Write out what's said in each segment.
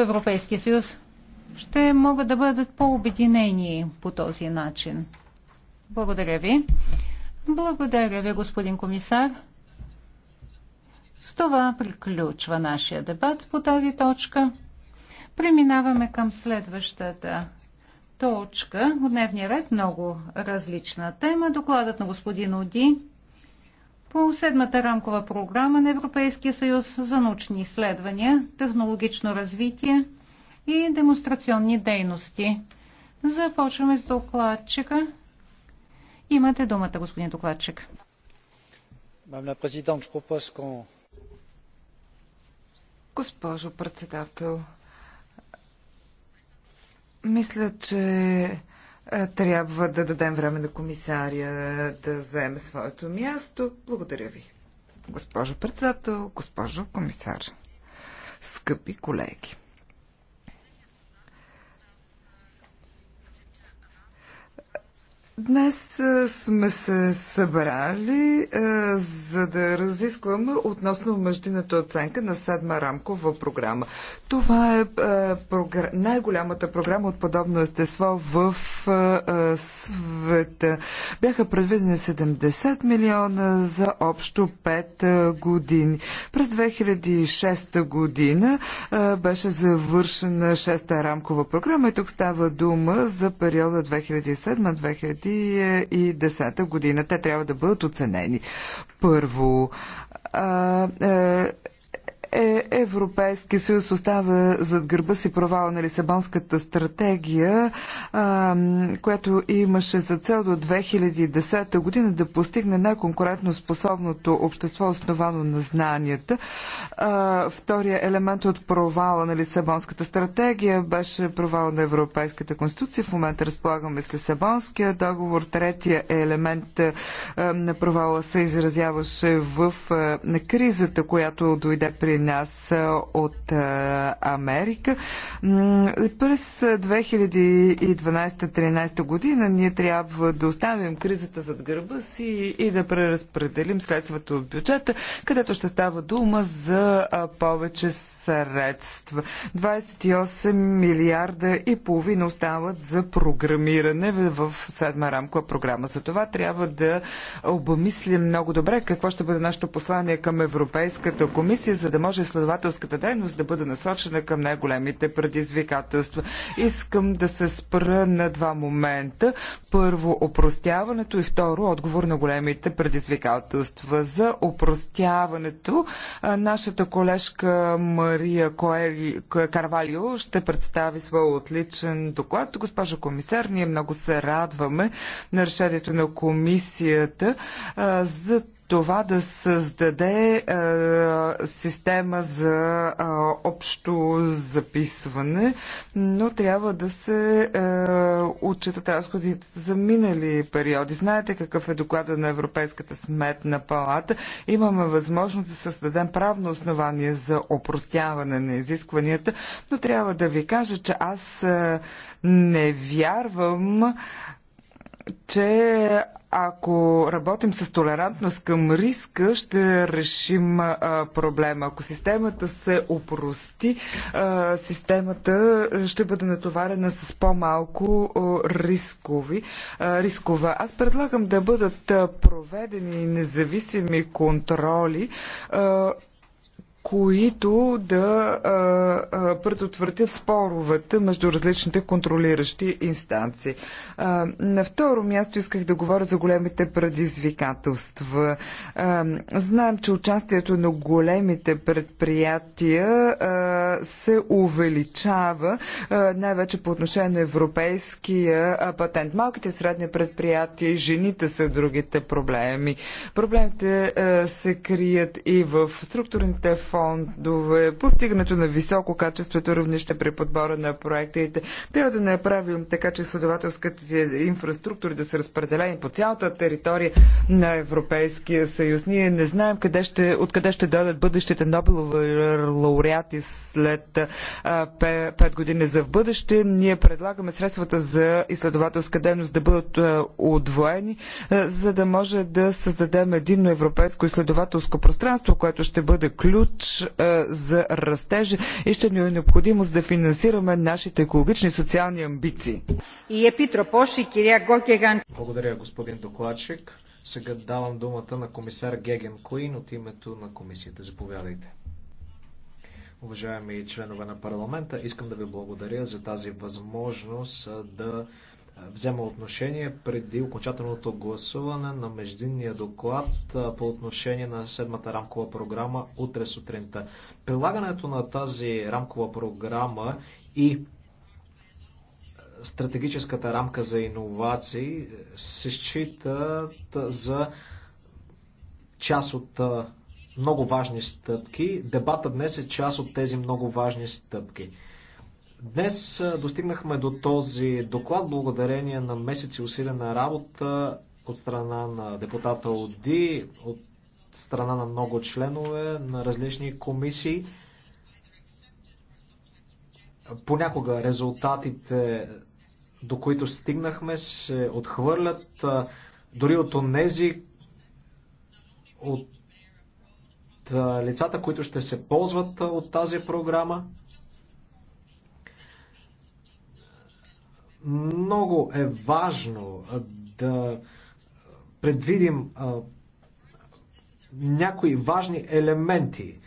Европейския съюз ще могат да бъдат по-обединени по този начин. Благодаря ви. Благодаря ви, господин комисар. С това приключва нашия дебат по тази точка. Преминаваме към следващата точка от дневния ред, много различна тема. Докладът на господин Оди по седмата рамкова програма на Европейския съюз за научни изследвания, технологично развитие и демонстрационни дейности. Започваме с докладчика. Имате думата, господин докладчик. Госпожо председател, мисля, че е, трябва да дадем време на комисаря да вземе своето място. Благодаря ви. Госпожо председател, госпожо комисар, скъпи колеги. Днес е, сме се събрали е, за да разискваме относно мъждината оценка на седма рамкова програма. Това е, е най-голямата програма от подобно естество в света. Бяха предвидени 70 милиона за общо 5 години. През 2006 година беше завършена шеста рамкова програма и тук става дума за периода 2007-2013 2010 е, година. Те трябва да бъдат оценени. Първо, а, а, е, Европейски съюз остава зад гърба си провала на Лисабонската стратегия, която имаше за цел до 2010 година да постигне най-конкурентно способното общество, основано на знанията. втория елемент от провала на Лисабонската стратегия беше провал на Европейската конституция. В момента разполагаме с Лисабонския договор. Третия елемент на провала се изразяваше в кризата, която дойде при нас от Америка. През 2012-2013 година ние трябва да оставим кризата зад гърба си и да преразпределим следствата от бюджета, където ще става дума за повече средства. 28 милиарда и половина остават за програмиране в седма рамкова програма. За това трябва да обмислим много добре какво ще бъде нашето послание към Европейската комисия, за да може следователската дейност да бъде насочена към най-големите предизвикателства. Искам да се спра на два момента. Първо, опростяването и второ, отговор на големите предизвикателства. За опростяването нашата колежка Мария Мария Карвалио ще представи своя отличен доклад. Госпожа комисар, ние много се радваме на решението на комисията за това да създаде е, система за е, общо записване, но трябва да се е, отчитат разходите за минали периоди. Знаете какъв е доклада на Европейската сметна палата. Имаме възможност да създадем правно основание за опростяване на изискванията, но трябва да ви кажа, че аз е, не вярвам, че ако работим с толерантност към риска, ще решим а, проблема. Ако системата се опрости, а, системата ще бъде натоварена с по-малко рискови, а, рискова. Аз предлагам да бъдат проведени независими контроли. А, които да а, а, предотвратят споровете между различните контролиращи инстанции. На второ място исках да говоря за големите предизвикателства. Знаем, че участието на големите предприятия се увеличава, най-вече по отношение на европейския патент. Малките и средни предприятия и жените са другите проблеми. Проблемите се крият и в структурните фондове, постигането на високо качеството равнище при подбора на проектите. Трябва да направим така, че следователската тези инфраструктури да са разпределени по цялата територия на Европейския съюз. Ние не знаем къде ще, откъде ще дойдат бъдещите Нобелови лауреати след 5 години за в бъдеще. Ние предлагаме средствата за изследователска дейност да бъдат удвоени, за да може да създадем единно европейско изследователско пространство, което ще бъде ключ за растежа и ще ни е необходимост да финансираме нашите екологични и социални амбиции. И епитропо благодаря, господин докладчик. Сега давам думата на комисар Геген Куин от името на комисията. Заповядайте. Уважаеми членове на парламента, искам да ви благодаря за тази възможност да взема отношение преди окончателното гласуване на междинния доклад по отношение на седмата рамкова програма утре сутринта. Прилагането на тази рамкова програма и стратегическата рамка за иновации се считат за част от много важни стъпки. Дебата днес е част от тези много важни стъпки. Днес достигнахме до този доклад благодарение на месеци усилена работа от страна на депутата ОДИ, от страна на много членове на различни комисии. Понякога резултатите до които стигнахме, се отхвърлят дори от онези, от лицата, които ще се ползват от тази програма. Много е важно да предвидим някои важни елементи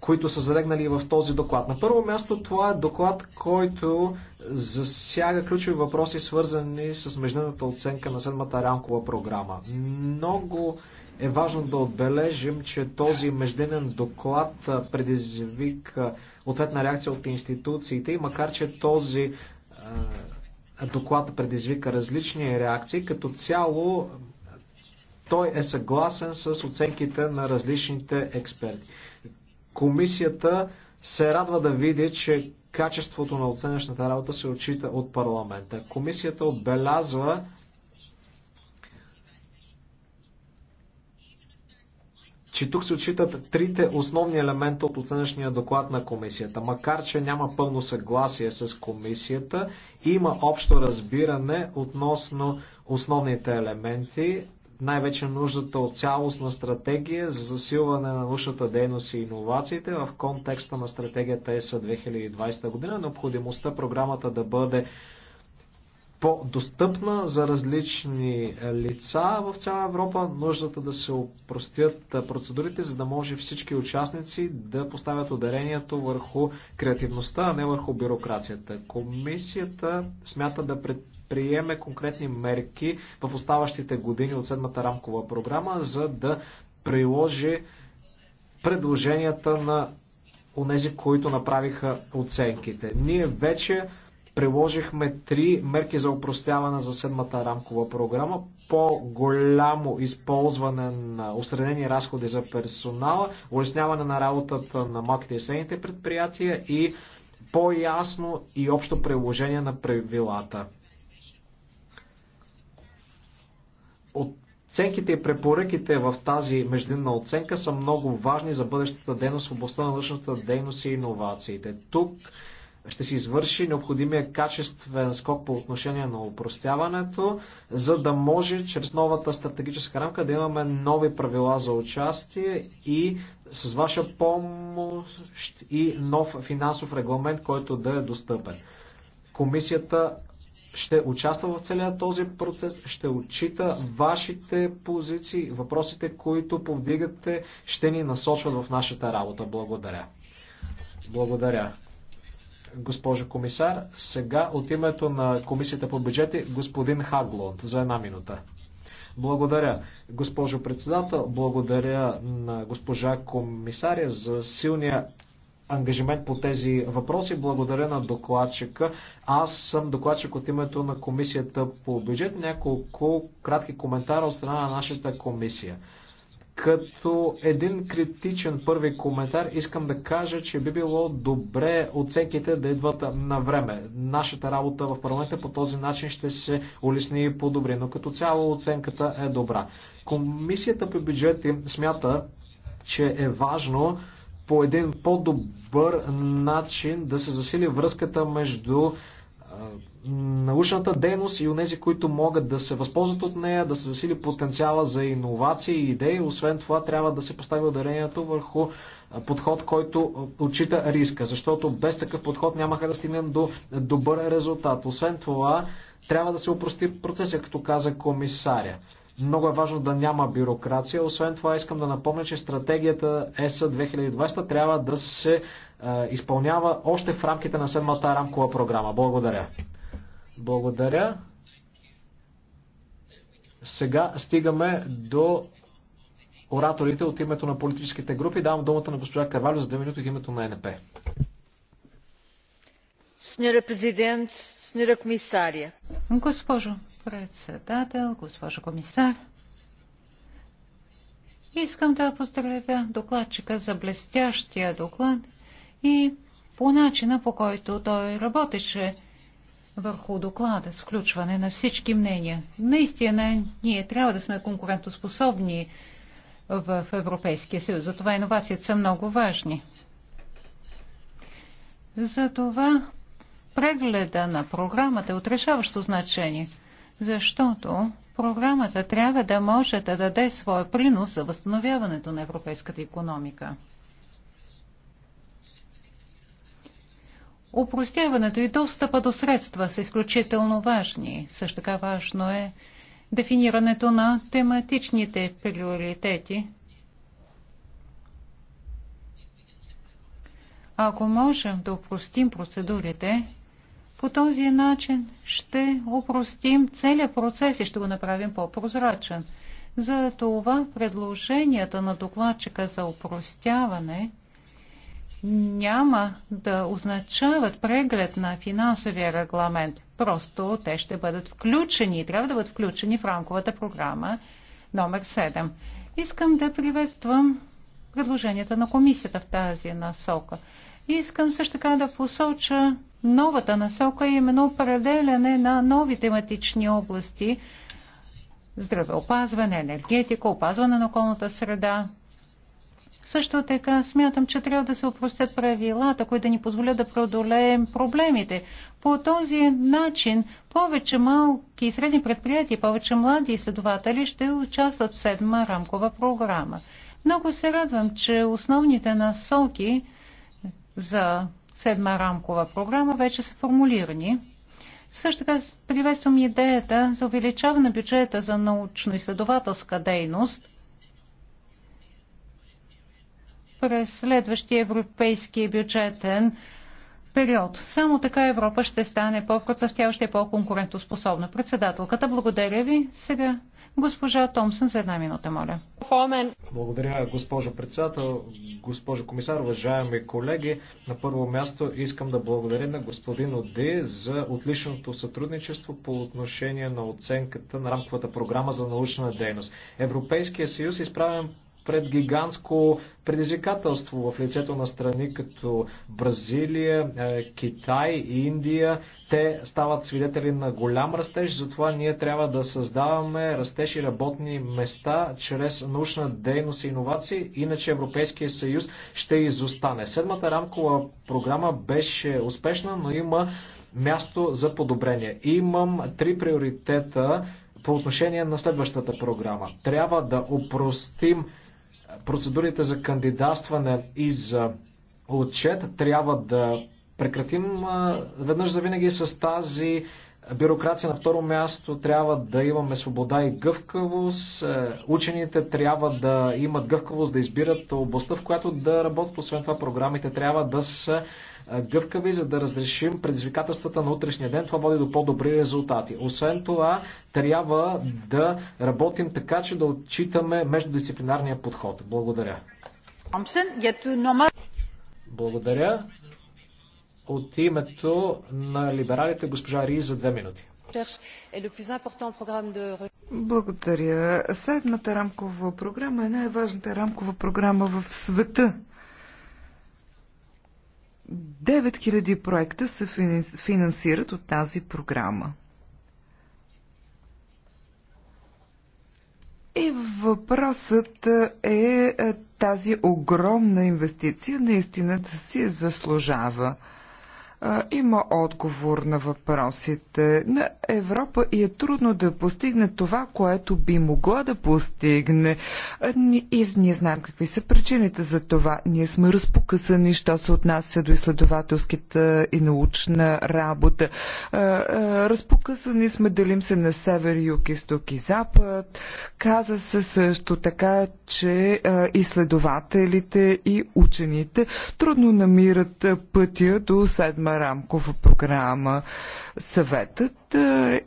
които са залегнали в този доклад. На първо място това е доклад, който засяга ключови въпроси, свързани с международната оценка на седмата рамкова програма. Много е важно да отбележим, че този междинен доклад предизвика ответна реакция от институциите и макар, че този доклад предизвика различни реакции, като цяло той е съгласен с оценките на различните експерти. Комисията се радва да види, че качеството на оценъчната работа се отчита от парламента. Комисията отбелязва, че тук се отчитат трите основни елемента от оценъчния доклад на комисията. Макар, че няма пълно съгласие с комисията, има общо разбиране относно основните елементи най-вече нуждата от цялостна стратегия за засилване на научната дейност и иновациите в контекста на стратегията ЕСА 2020 година, необходимостта програмата да бъде по-достъпна за различни лица в цяла Европа, нуждата да се опростят процедурите, за да може всички участници да поставят ударението върху креативността, а не върху бюрокрацията. Комисията смята да предпочитава предприеме конкретни мерки в оставащите години от седмата рамкова програма, за да приложи предложенията на онези, които направиха оценките. Ние вече приложихме три мерки за упростяване за седмата рамкова програма, по-голямо използване на осредени разходи за персонала, улесняване на работата на малките и средните предприятия и по-ясно и общо приложение на правилата. Оценките и препоръките в тази междинна оценка са много важни за бъдещата дейност в областта на научната дейност и иновациите. Тук ще се извърши необходимия качествен скок по отношение на упростяването, за да може чрез новата стратегическа рамка да имаме нови правила за участие и с ваша помощ и нов финансов регламент, който да е достъпен. Комисията ще участва в целият този процес, ще отчита вашите позиции, въпросите, които повдигате, ще ни насочват в нашата работа. Благодаря. Благодаря. Госпожо комисар, сега от името на Комисията по бюджети господин Хаглонд за една минута. Благодаря, госпожо председател, благодаря на госпожа комисаря за силния ангажимент по тези въпроси. Благодаря на докладчика. Аз съм докладчик от името на комисията по бюджет. Няколко кратки коментара от страна на нашата комисия. Като един критичен първи коментар искам да кажа, че би било добре оценките да идват на време. Нашата работа в парламента по този начин ще се улесни и добре но като цяло оценката е добра. Комисията по бюджети смята, че е важно по един по-добър начин да се засили връзката между научната дейност и у нези, които могат да се възползват от нея, да се засили потенциала за иновации и идеи. Освен това, трябва да се постави ударението върху подход, който отчита риска, защото без такъв подход нямаха да стигнем до добър резултат. Освен това, трябва да се упрости процеса, като каза комисаря. Много е важно да няма бюрокрация. Освен това искам да напомня, че стратегията ЕСА 2020 трябва да се е, изпълнява още в рамките на седмата рамкова програма. Благодаря. Благодаря. Сега стигаме до ораторите от името на политическите групи. Давам думата на госпожа Карвалю за две минути от името на НП. Госпожо председател, госпожо комисар. Искам да поздравя докладчика за блестящия доклад и по начина, по който той работеше върху доклада с включване на всички мнения. Наистина, ние трябва да сме конкурентоспособни в Европейския съюз. Затова иновациите са много важни. Затова прегледа на програмата е от решаващо значение – защото програмата трябва да може да даде своя принос за възстановяването на европейската економика. Упростяването и достъпа до средства са изключително важни. Също така важно е дефинирането на тематичните приоритети. Ако можем да упростим процедурите, по този начин ще упростим целият процес и ще го направим по-прозрачен. За това предложенията на докладчика за упростяване няма да означават преглед на финансовия регламент. Просто те ще бъдат включени и трябва да бъдат включени в рамковата програма номер 7. Искам да приветствам предложенията на комисията в тази насока. Искам също така да посоча новата насока е именно определяне на нови тематични области здравеопазване, енергетика, опазване на околната среда. Също така смятам, че трябва да се упростят правилата, които да ни позволят да преодолеем проблемите. По този начин повече малки и средни предприятия, повече млади изследователи ще участват в седма рамкова програма. Много се радвам, че основните насоки за седма рамкова програма вече са формулирани. Също така приветствам идеята за увеличаване на бюджета за научно-изследователска дейност през следващия европейски бюджетен период. Само така Европа ще стане по-процъфтяваща и по-конкурентоспособна. Председателката, благодаря ви. Сега Госпожа Томсън за една минута, моля. Благодаря, госпожо председател, госпожо комисар, уважаеми колеги. На първо място искам да благодаря на господин Оди за отличното сътрудничество по отношение на оценката на рамковата програма за научна дейност. Европейския съюз е изправен пред гигантско предизвикателство в лицето на страни като Бразилия, е, Китай и Индия. Те стават свидетели на голям растеж, затова ние трябва да създаваме растеж и работни места чрез научна дейност и иновации, иначе Европейския съюз ще изостане. Седмата рамкова програма беше успешна, но има място за подобрение. Имам три приоритета по отношение на следващата програма. Трябва да опростим процедурите за кандидатстване и за отчет, трябва да прекратим веднъж за винаги с тази бюрокрация. На второ място трябва да имаме свобода и гъвкавост. Е, учените трябва да имат гъвкавост да избират областта, в която да работят. Освен това, програмите трябва да са гъвкави, за да разрешим предизвикателствата на утрешния ден. Това води до по-добри резултати. Освен това, трябва да работим така, че да отчитаме междудисциплинарния подход. Благодаря. Благодаря. От името на либералите госпожа Ри за две минути. Е Благодаря. Седмата рамкова програма е най-важната рамкова програма в света 9000 проекта се финансират от тази програма. И въпросът е, е тази огромна инвестиция наистина да си заслужава има отговор на въпросите. На Европа и е трудно да постигне това, което би могла да постигне. И ние знаем какви са причините за това. Ние сме разпокъсани, що се отнася до изследователската и научна работа. Разпокъсани сме, делим се на север, юг, изток и запад. Каза се също така, че изследователите и учените трудно намират пътя до седма има рамкова програма. Съветът е,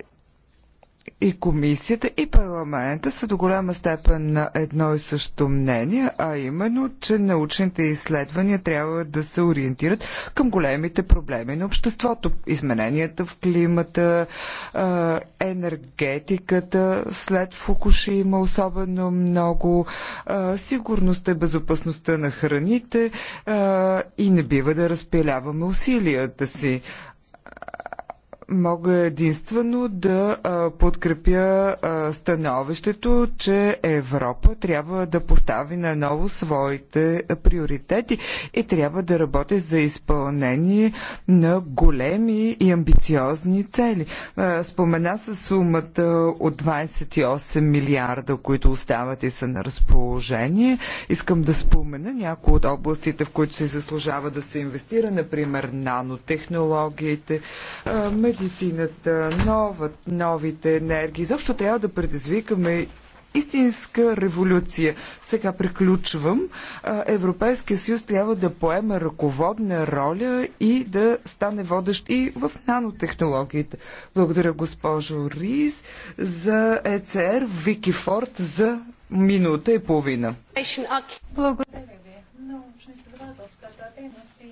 и комисията и парламента са до голяма степен на едно и също мнение, а именно, че научните изследвания трябва да се ориентират към големите проблеми на обществото. Измененията в климата, енергетиката след Фукушима особено много, сигурността и безопасността на храните и не бива да разпиляваме усилията си мога единствено да подкрепя становището, че Европа трябва да постави на ново своите приоритети и трябва да работи за изпълнение на големи и амбициозни цели. Спомена се сумата от 28 милиарда, които остават и са на разположение. Искам да спомена някои от областите, в които се заслужава да се инвестира, например нанотехнологиите, медицината, новът, новите енергии. Защо трябва да предизвикаме истинска революция. Сега приключвам. Европейския съюз трябва да поеме ръководна роля и да стане водещ и в нанотехнологиите. Благодаря госпожо Рис за ЕЦР Вики Форд за минута и половина. Благодаря ви. Научно-изследователската дейност и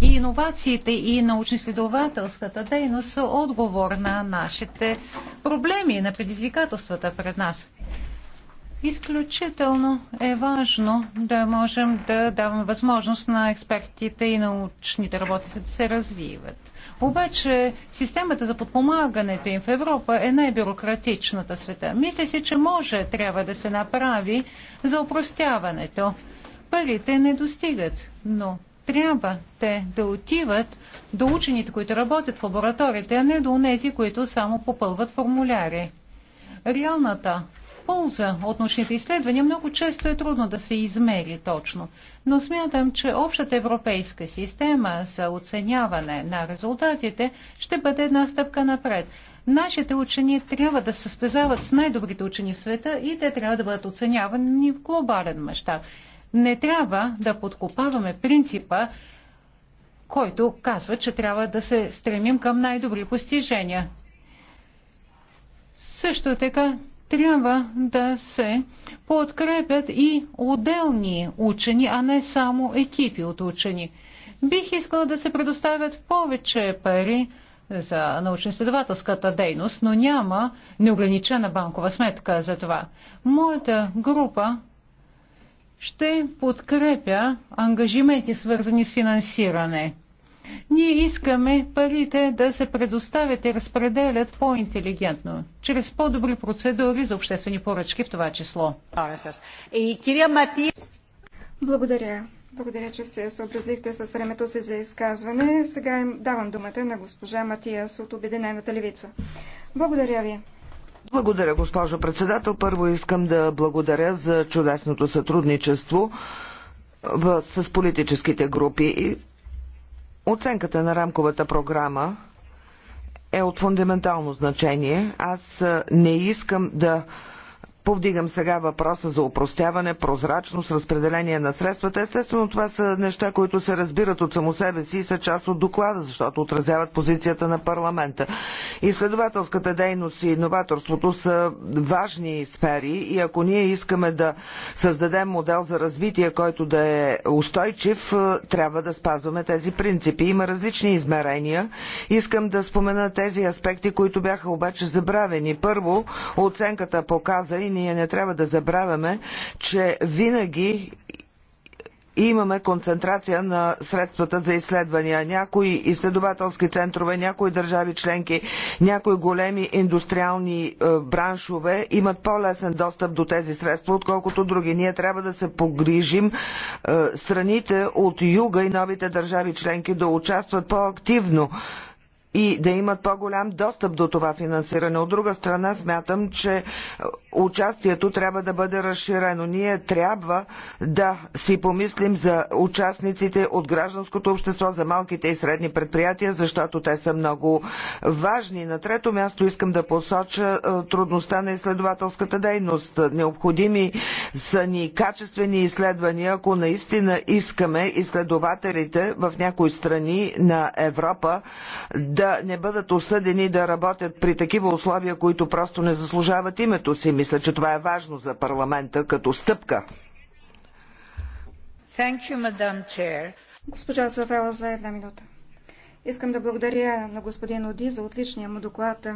и иновациите и научно-изследователската дейност са отговор на нашите проблеми, на предизвикателствата пред нас. Изключително е важно да можем да даваме възможност на експертите и научните работници да се развиват. Обаче системата за подпомагането им в Европа е най-бюрократичната света. Мисля си, че може, трябва да се направи за упростяването. Парите не достигат, но трябва те да отиват до учените, които работят в лабораторията, а не до тези, които само попълват формуляри. Реалната полза от научните изследвания много често е трудно да се измери точно, но смятам, че общата европейска система за оценяване на резултатите ще бъде една стъпка напред. Нашите учени трябва да състезават с най-добрите учени в света и те трябва да бъдат оценявани в глобален мащаб. Не трябва да подкопаваме принципа, който казва, че трябва да се стремим към най-добри постижения. Също така трябва да се подкрепят и отделни учени, а не само екипи от учени. Бих искала да се предоставят повече пари за научно-изследователската дейност, но няма неограничена банкова сметка за това. Моята група ще подкрепя ангажименти, свързани с финансиране. Ние искаме парите да се предоставят и разпределят по-интелигентно, чрез по-добри процедури за обществени поръчки в това число. Благодаря. Благодаря, че се съобразихте с времето си за изказване. Сега им давам думата на госпожа Матиас от Обединената левица. Благодаря ви. Благодаря, госпожо председател. Първо искам да благодаря за чудесното сътрудничество в, с политическите групи. Оценката на рамковата програма е от фундаментално значение. Аз не искам да Повдигам сега въпроса за упростяване, прозрачност, разпределение на средствата. Естествено, това са неща, които се разбират от само себе си и са част от доклада, защото отразяват позицията на парламента. Изследователската дейност и новаторството са важни сфери и ако ние искаме да създадем модел за развитие, който да е устойчив, е, трябва да спазваме тези принципи. Има различни измерения. Искам да спомена тези аспекти, които бяха обаче забравени. Първо, оценката показа и ние не трябва да забравяме, че винаги и имаме концентрация на средствата за изследвания. Някои изследователски центрове, някои държави членки, някои големи индустриални е, браншове имат по-лесен достъп до тези средства, отколкото други. Ние трябва да се погрижим е, страните от юга и новите държави членки да участват по-активно и да имат по-голям достъп до това финансиране. От друга страна, смятам, че участието трябва да бъде разширено. Ние трябва да си помислим за участниците от гражданското общество, за малките и средни предприятия, защото те са много важни. На трето място искам да посоча е, трудността на изследователската дейност. Необходими са ни качествени изследвания, ако наистина искаме изследователите в някои страни на Европа да да не бъдат осъдени да работят при такива условия, които просто не заслужават името си. Мисля, че това е важно за парламента като стъпка. You, Госпожа Цавела за една минута. Искам да благодаря на господин Оди за отличния му доклад.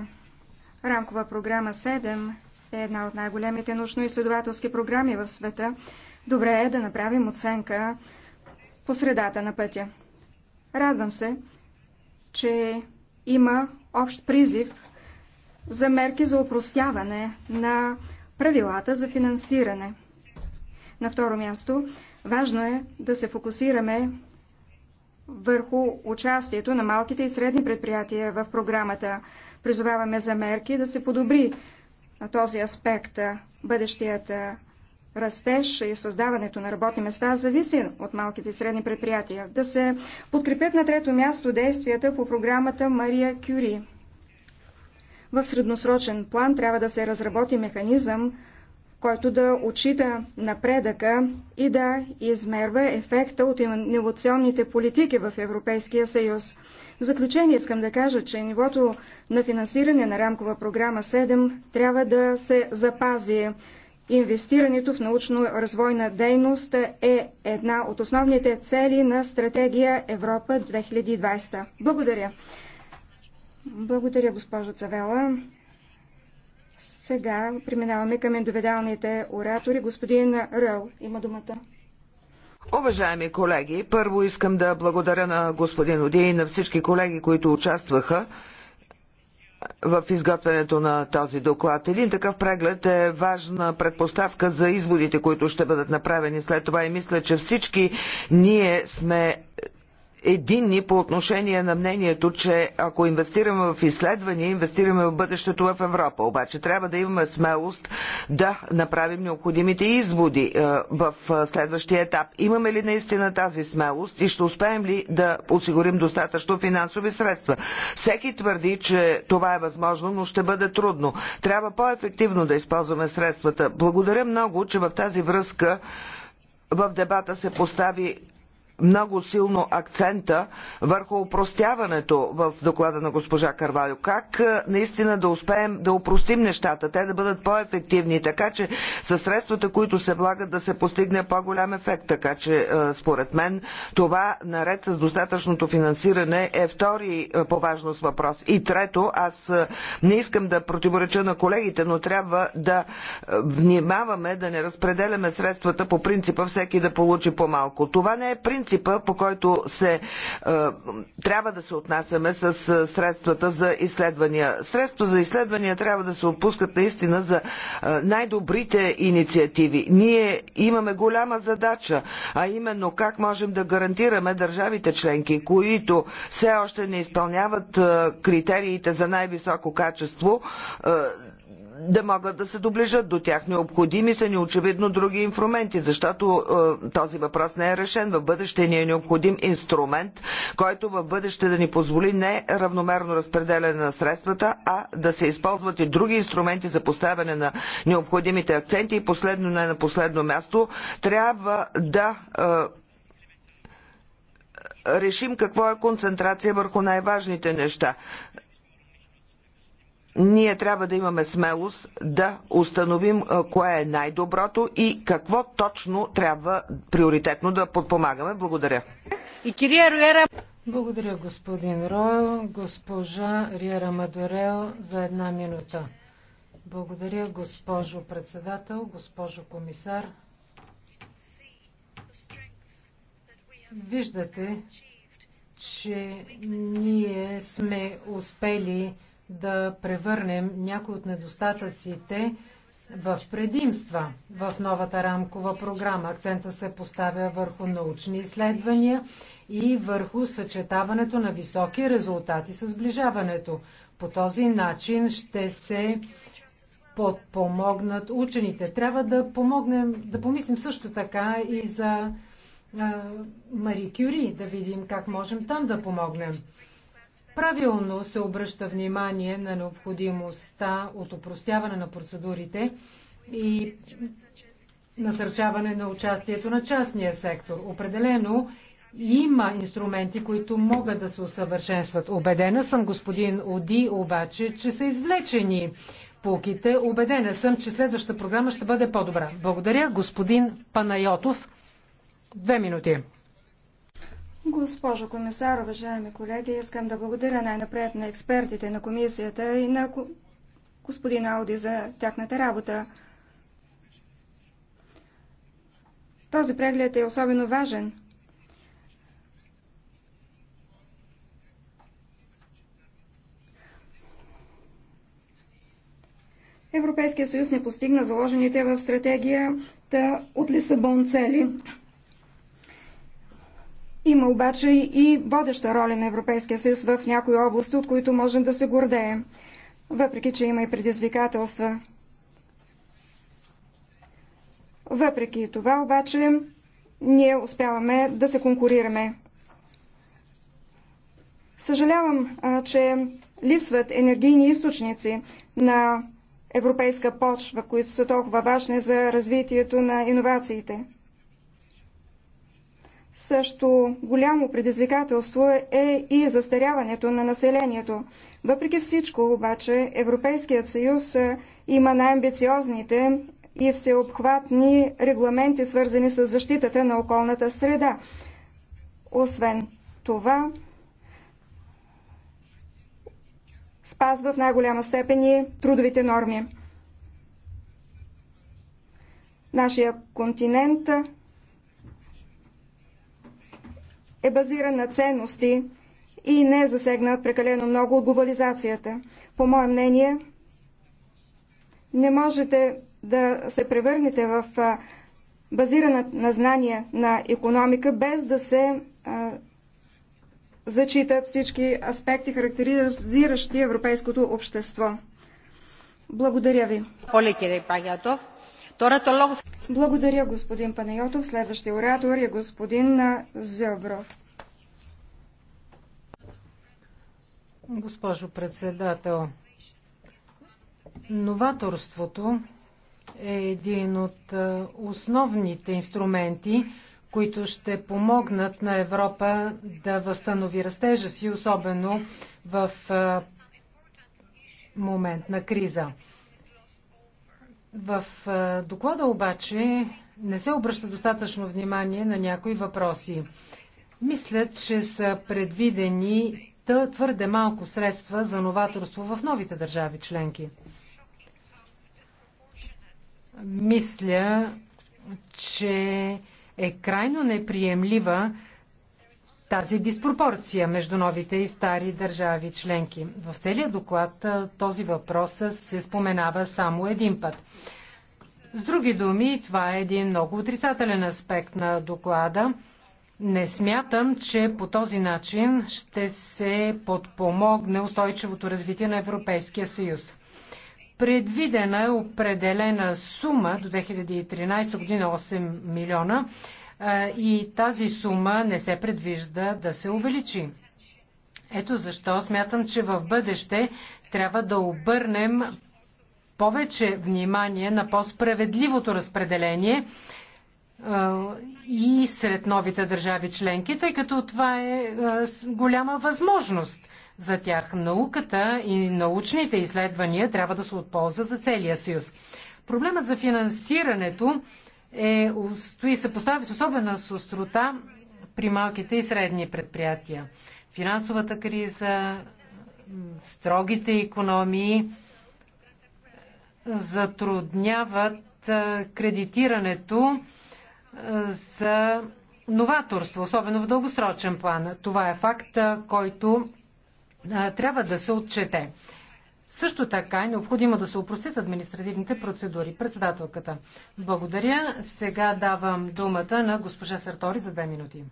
Рамкова програма 7 е една от най-големите научно-изследователски програми в света. Добре е да направим оценка по средата на пътя. Радвам се, че има общ призив за мерки за упростяване на правилата за финансиране. На второ място, важно е да се фокусираме върху участието на малките и средни предприятия в програмата. Призоваваме за мерки да се подобри този аспект. Бъдещият растеж и създаването на работни места зависи от малките и средни предприятия. Да се подкрепят на трето място действията по програмата Мария Кюри. В средносрочен план трябва да се разработи механизъм, който да отчита напредъка и да измерва ефекта от инновационните политики в Европейския съюз. В заключение искам да кажа, че нивото на финансиране на рамкова програма 7 трябва да се запази. Инвестирането в научно-развойна дейност е една от основните цели на стратегия Европа 2020. Благодаря. Благодаря, госпожо Цавела. Сега преминаваме към индивидуалните оратори. Господин Ръл има думата. Уважаеми колеги, първо искам да благодаря на господин Оди и на всички колеги, които участваха в изготвянето на този доклад. Един такъв преглед е важна предпоставка за изводите, които ще бъдат направени след това и мисля, че всички ние сме единни по отношение на мнението, че ако инвестираме в изследвания, инвестираме в бъдещето в Европа. Обаче трябва да имаме смелост да направим необходимите изводи е, в е, следващия етап. Имаме ли наистина тази смелост и ще успеем ли да осигурим достатъчно финансови средства? Всеки твърди, че това е възможно, но ще бъде трудно. Трябва по-ефективно да използваме средствата. Благодаря много, че в тази връзка в дебата се постави много силно акцента върху опростяването в доклада на госпожа Карвалю. Как е, наистина да успеем да опростим нещата, те да бъдат по-ефективни, така че със средствата, които се влагат, да се постигне по-голям ефект. Така че, е, според мен, това наред с достатъчното финансиране е втори е, по важност въпрос. И трето, аз не искам да противореча на колегите, но трябва да внимаваме да не разпределяме средствата по принципа всеки да получи по-малко. Това не е принцип принципа, по който се, е, трябва да се отнасяме с е, средствата за изследвания. Средства за изследвания трябва да се отпускат наистина за е, най-добрите инициативи. Ние имаме голяма задача, а именно как можем да гарантираме държавите членки, които все още не изпълняват критериите за най-високо качество, да могат да се доближат до тях. Необходими са ни очевидно други инструменти, защото е, този въпрос не е решен. В бъдеще ни е необходим инструмент, който в бъдеще да ни позволи не равномерно разпределяне на средствата, а да се използват и други инструменти за поставяне на необходимите акценти. И последно, не на последно място, трябва да. Е, решим какво е концентрация върху най-важните неща ние трябва да имаме смелост да установим кое е най-доброто и какво точно трябва приоритетно да подпомагаме. Благодаря. И кирия Руера. Благодаря, господин Ройл. Госпожа Риера Мадорел за една минута. Благодаря, госпожо председател, госпожо комисар. Виждате, че ние сме успели да превърнем някои от недостатъците в предимства в новата рамкова програма. Акцента се поставя върху научни изследвания и върху съчетаването на високи резултати с сближаването. По този начин ще се подпомогнат учените. Трябва да помогнем, да помислим също така и за Мари Кюри, да видим как можем там да помогнем. Правилно се обръща внимание на необходимостта от упростяване на процедурите и насърчаване на участието на частния сектор. Определено има инструменти, които могат да се усъвършенстват. Обедена съм, господин Оди, обаче, че са извлечени полките. Обедена съм, че следващата програма ще бъде по-добра. Благодаря, господин Панайотов. Две минути. Госпожо комисар, уважаеми колеги, искам да благодаря най-напред на експертите на комисията и на господин Ауди за тяхната работа. Този преглед е особено важен. Европейския съюз не постигна заложените в стратегията от Лисабон цели. Има обаче и водеща роля на Европейския съюз в някои области, от които можем да се гордеем, въпреки че има и предизвикателства. Въпреки това обаче ние успяваме да се конкурираме. Съжалявам, че липсват енергийни източници на европейска почва, които са толкова важни за развитието на иновациите. Също голямо предизвикателство е и застаряването на населението. Въпреки всичко, обаче, Европейският съюз има най-амбициозните и всеобхватни регламенти, свързани с защитата на околната среда. Освен това, спазва в най-голяма степен и трудовите норми. Нашия континент е базиран на ценности и не е засегнат прекалено много от глобализацията. По мое мнение, не можете да се превърнете в базирана на знания на економика, без да се а, зачитат всички аспекти, характеризиращи европейското общество. Благодаря ви. Благодаря, господин Панайотов. Следващия оратор е господин Зъбров. Госпожо председател, новаторството е един от основните инструменти, които ще помогнат на Европа да възстанови растежа си, особено в момент на криза. В доклада обаче не се обръща достатъчно внимание на някои въпроси. Мисля, че са предвидени твърде малко средства за новаторство в новите държави членки. Мисля, че е крайно неприемлива тази диспропорция между новите и стари държави членки. В целия доклад този въпрос се споменава само един път. С други думи, това е един много отрицателен аспект на доклада. Не смятам, че по този начин ще се подпомогне устойчивото развитие на Европейския съюз. Предвидена е определена сума до 2013 година 8 милиона и тази сума не се предвижда да се увеличи. Ето защо смятам, че в бъдеще трябва да обърнем повече внимание на по-справедливото разпределение и сред новите държави членки, тъй като това е голяма възможност за тях. Науката и научните изследвания трябва да се отползват за целия съюз. Проблемът за финансирането е, стои, се поставя с особена сострота при малките и средни предприятия. Финансовата криза, строгите економии затрудняват кредитирането за новаторство, особено в дългосрочен план. Това е факт, който трябва да се отчете. Също така е необходимо да се опростят административните процедури. Председателката. Благодаря. Сега давам думата на госпожа Сартори за две минути.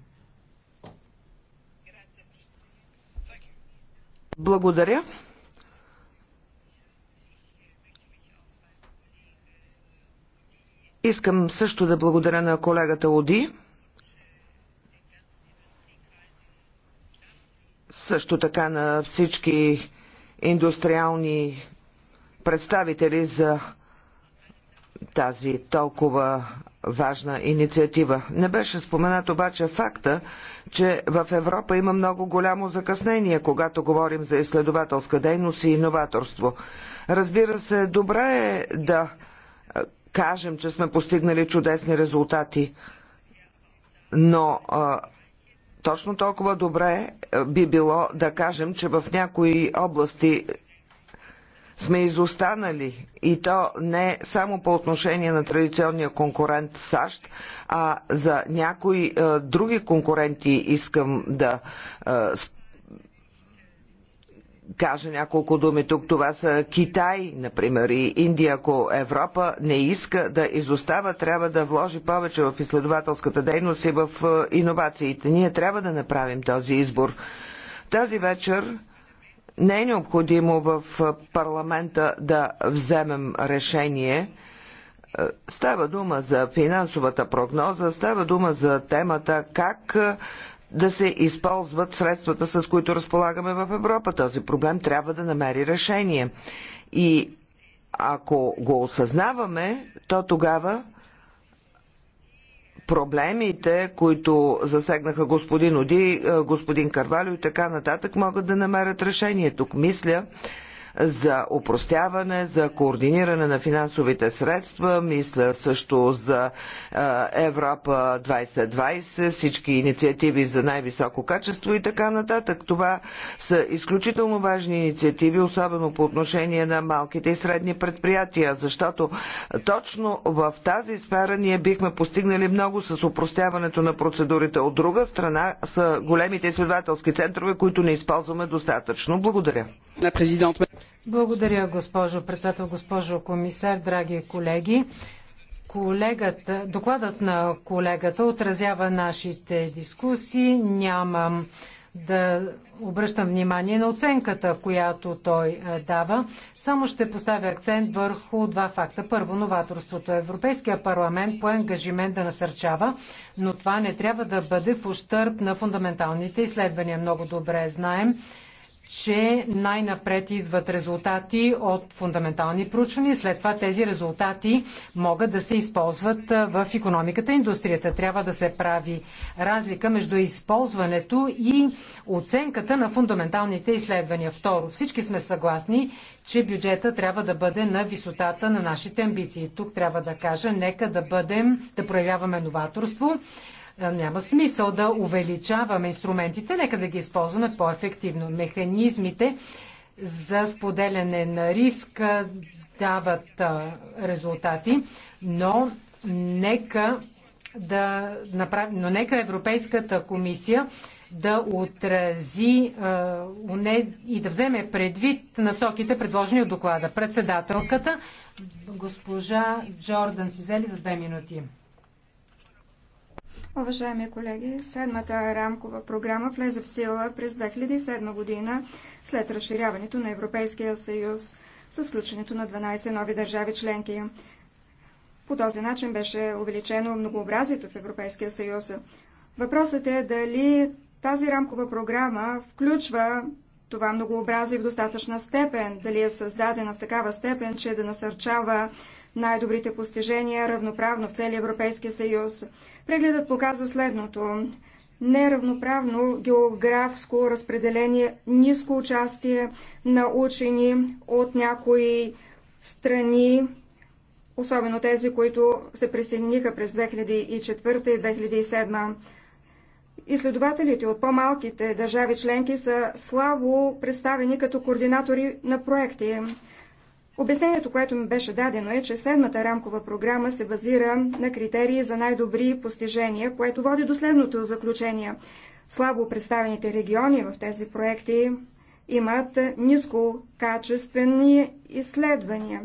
Благодаря. Искам също да благодаря на колегата Оди. Също така на всички индустриални представители за тази толкова важна инициатива. Не беше споменат обаче факта, че в Европа има много голямо закъснение, когато говорим за изследователска дейност и иноваторство. Разбира се, добре е да е, кажем, че сме постигнали чудесни резултати, но а, е, точно толкова добре е, би било да кажем, че в някои области сме изостанали и то не само по отношение на традиционния конкурент САЩ, а за някои е, други конкуренти искам да е, кажа няколко думи тук. Това са Китай, например, и Индия. Ако Европа не иска да изостава, трябва да вложи повече в изследователската дейност и в е, иновациите. Ние трябва да направим този избор. Тази вечер не е необходимо в е, парламента да вземем решение. Е, става дума за финансовата прогноза, става дума за темата как да се използват средствата, с които разполагаме в Европа. Този проблем трябва да намери решение. И ако го осъзнаваме, то тогава проблемите, които засегнаха господин Оди, господин Карвалю и така нататък, могат да намерят решение. Тук мисля, за упростяване, за координиране на финансовите средства, мисля също за Европа 2020, всички инициативи за най-високо качество и така нататък. Това са изключително важни инициативи, особено по отношение на малките и средни предприятия, защото точно в тази сфера ние бихме постигнали много с упростяването на процедурите. От друга страна са големите изследователски центрове, които не използваме достатъчно. Благодаря. Благодаря, госпожо председател, госпожо комисар, драги колеги. Колегата, докладът на колегата отразява нашите дискусии. Нямам да обръщам внимание на оценката, която той е, дава. Само ще поставя акцент върху два факта. Първо, новаторството. Европейския парламент по ангажимент да насърчава, но това не трябва да бъде в ущърп на фундаменталните изследвания. Много добре знаем, че най-напред идват резултати от фундаментални проучвания. След това тези резултати могат да се използват в економиката и индустрията. Трябва да се прави разлика между използването и оценката на фундаменталните изследвания. Второ, всички сме съгласни, че бюджета трябва да бъде на висотата на нашите амбиции. Тук трябва да кажа, нека да бъдем, да проявяваме новаторство е, няма смисъл да увеличаваме инструментите, нека да ги използваме по-ефективно. Механизмите за споделяне на риск е, дават е, резултати, но нека да направи, но нека Европейската комисия да отрази е, и да вземе предвид насоките, предложени от доклада. Председателката, госпожа Джордан Сизели за две минути. Уважаеми колеги, седмата рамкова програма влезе в сила през 2007 година след разширяването на Европейския съюз с включването на 12 нови държави членки. По този начин беше увеличено многообразието в Европейския съюз. Въпросът е дали тази рамкова програма включва това многообразие в достатъчна степен, дали е създадена в такава степен, че да насърчава най-добрите постижения равноправно в целия Европейския съюз. Прегледът показва следното. Неравноправно географско разпределение, ниско участие на учени от някои страни, особено тези, които се присъединиха през 2004 и 2007. Изследователите от по-малките държави членки са слабо представени като координатори на проекти. Обяснението, което ми беше дадено е, че седмата рамкова програма се базира на критерии за най-добри постижения, което води до следното заключение. Слабо представените региони в тези проекти имат ниско качествени изследвания.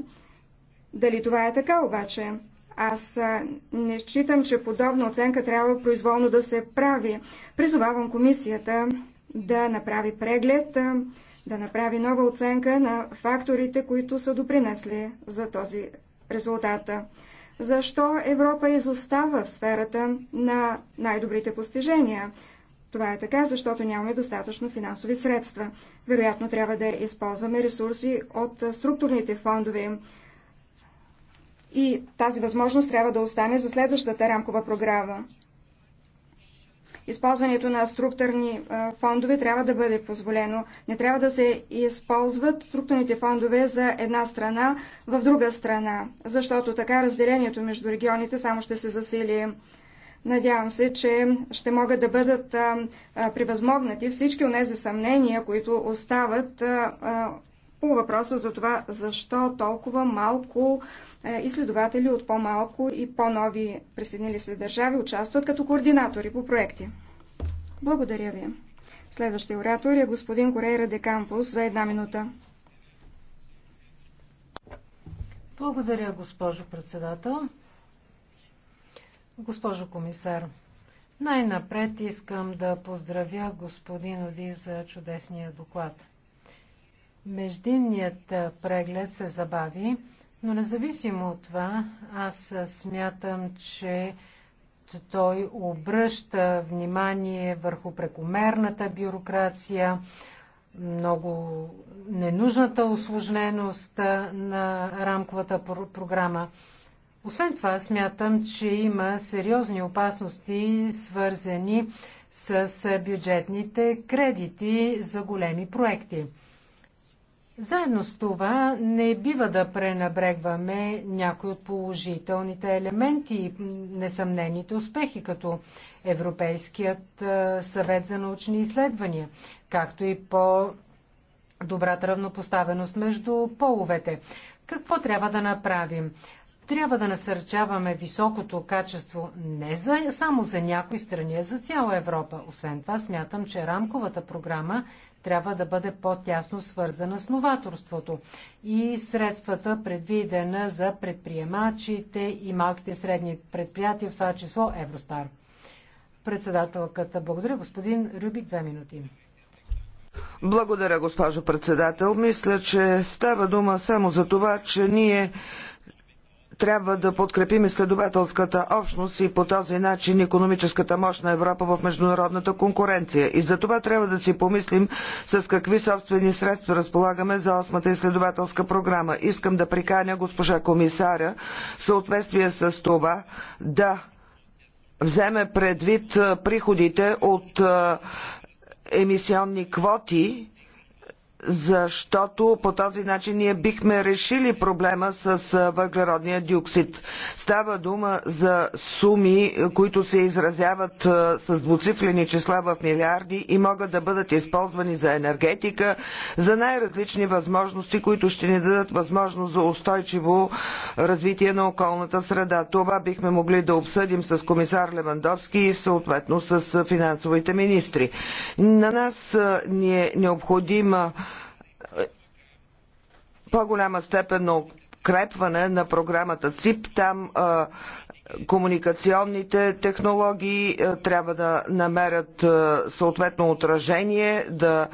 Дали това е така обаче? Аз не считам, че подобна оценка трябва произволно да се прави. Призовавам комисията да направи преглед да направи нова оценка на факторите, които са допринесли за този резултат. Защо Европа изостава в сферата на най-добрите постижения? Това е така, защото нямаме достатъчно финансови средства. Вероятно трябва да използваме ресурси от структурните фондове. И тази възможност трябва да остане за следващата рамкова програма. Използването на структурни фондове трябва да бъде позволено. Не трябва да се използват структурните фондове за една страна в друга страна, защото така разделението между регионите само ще се засили. Надявам се, че ще могат да бъдат превъзмогнати всички от тези съмнения, които остават а, по въпроса за това защо толкова малко е, изследователи от по-малко и по-нови присъединили се държави участват като координатори по проекти. Благодаря ви. Следващия оратор е господин Корейра де Кампус за една минута. Благодаря, госпожо председател. Госпожо комисар, най-напред искам да поздравя господин Оди за чудесния доклад. Междинният преглед се забави, но независимо от това, аз смятам, че той обръща внимание върху прекомерната бюрокрация, много ненужната осложненост на рамковата програма. Освен това, смятам, че има сериозни опасности, свързани с бюджетните кредити за големи проекти. Заедно с това не бива да пренабрегваме някои от положителните елементи и несъмнените успехи, като Европейският е, съвет за научни изследвания, както и по добрата равнопоставеност между половете. Какво трябва да направим? Трябва да насърчаваме високото качество не за, само за някои страни, а за цяла Европа. Освен това, смятам, че рамковата програма трябва да бъде по-тясно свързана с новаторството и средствата предвидена за предприемачите и малките и средни предприятия, в това число Евростар. Председателката, благодаря господин Рюбик, две минути. Благодаря, госпожо председател. Мисля, че става дума само за това, че ние трябва да подкрепим изследователската общност и по този начин економическата мощ на Европа в международната конкуренция. И за това трябва да си помислим с какви собствени средства разполагаме за осмата изследователска програма. Искам да приканя госпожа комисаря в съответствие с това да вземе предвид приходите от е, емисионни квоти защото по този начин ние бихме решили проблема с въглеродния диоксид. Става дума за суми, които се изразяват с двуцифрени числа в милиарди и могат да бъдат използвани за енергетика, за най-различни възможности, които ще ни дадат възможност за устойчиво развитие на околната среда. Това бихме могли да обсъдим с комисар Левандовски и съответно с финансовите министри. На нас ни е необходима по-голяма степен на укрепване на програмата СИП. Там а, комуникационните технологии е, трябва да намерят е, съответно отражение, да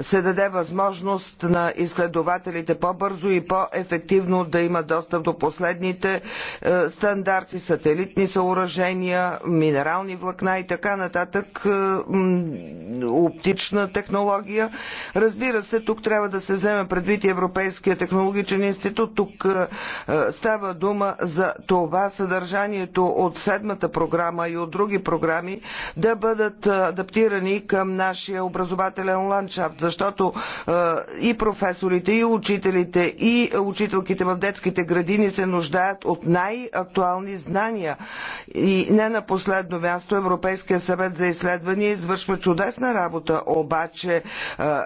се даде възможност на изследователите по-бързо и по-ефективно да имат достъп до последните е, стандарти, сателитни съоръжения, минерални влакна и така нататък, оптична технология. Разбира се, тук трябва да се вземе предвид и Европейския технологичен институт. Тук става дума за това съдържание, съдържанието от седмата програма и от други програми да бъдат адаптирани към нашия образователен ландшафт, защото и професорите, и учителите, и учителките в детските градини се нуждаят от най-актуални знания. И не на последно място Европейския съвет за изследвания извършва чудесна работа, обаче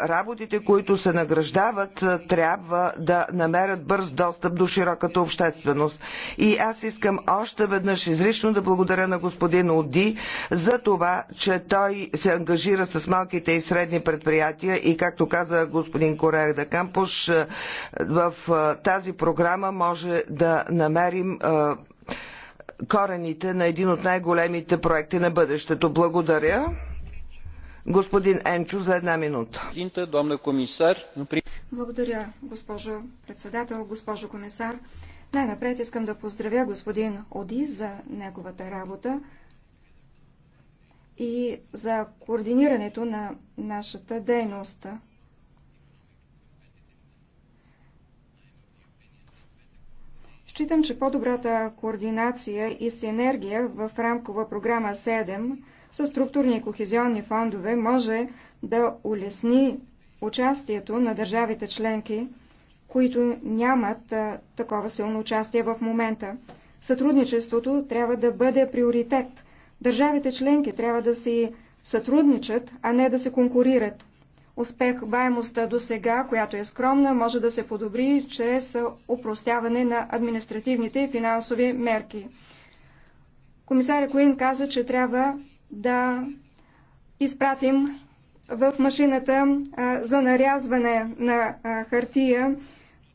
работите, които се награждават, трябва да намерят бърз достъп до широката общественост. И аз искам още веднъж веднъж изрично да благодаря на господин Оди за това, че той се ангажира с малките и средни предприятия и както каза господин Корея да Кампуш, е, в е, тази програма може да намерим е, корените на един от най-големите проекти на бъдещето. Благодаря. Господин Енчо за една минута. Благодаря, госпожо председател, госпожо комисар. Най-напред искам да поздравя господин Оди за неговата работа и за координирането на нашата дейност. Считам, че по-добрата координация и синергия в рамкова програма 7 със структурни и кохезионни фондове може да улесни участието на държавите членки които нямат а, такова силно участие в момента. Сътрудничеството трябва да бъде приоритет. Държавите членки трябва да си сътрудничат, а не да се конкурират. Успех баемостта до сега, която е скромна, може да се подобри чрез упростяване на административните и финансови мерки. Комисаря Куин каза, че трябва да изпратим в машината за нарязване на хартия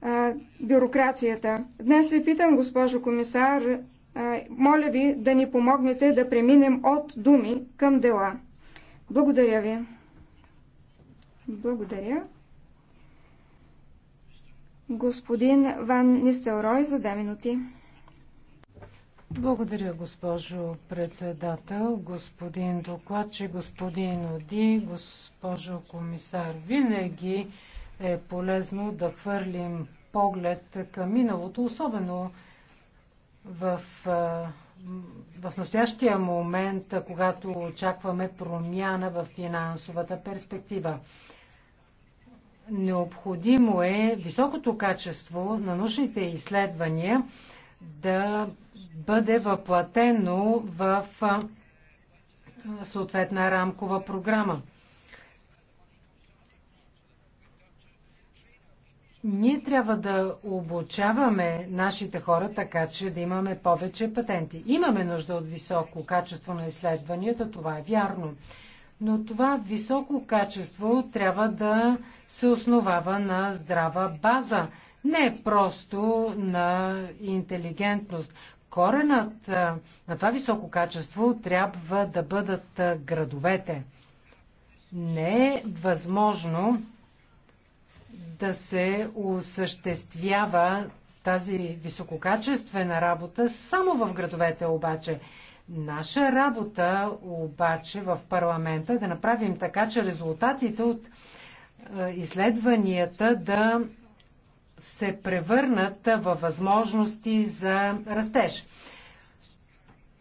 а, бюрокрацията. Днес ви питам, госпожо комисар, а, моля ви да ни помогнете да преминем от думи към дела. Благодаря ви. Благодаря. Господин Ван Нистелрой за две минути. Благодаря, госпожо председател, господин докладче, господин Оди, госпожо комисар. Винаги е полезно да хвърлим поглед към миналото, особено в, в настоящия момент, когато очакваме промяна в финансовата перспектива. Необходимо е високото качество на научните изследвания да бъде въплатено в съответна рамкова програма. Ние трябва да обучаваме нашите хора така, че да имаме повече патенти. Имаме нужда от високо качество на изследванията, това е вярно. Но това високо качество трябва да се основава на здрава база, не просто на интелигентност. Коренът на това високо качество трябва да бъдат градовете. Не е възможно да се осъществява тази висококачествена работа само в градовете обаче. Наша работа обаче в парламента е да направим така, че резултатите от е, изследванията да се превърнат във възможности за растеж.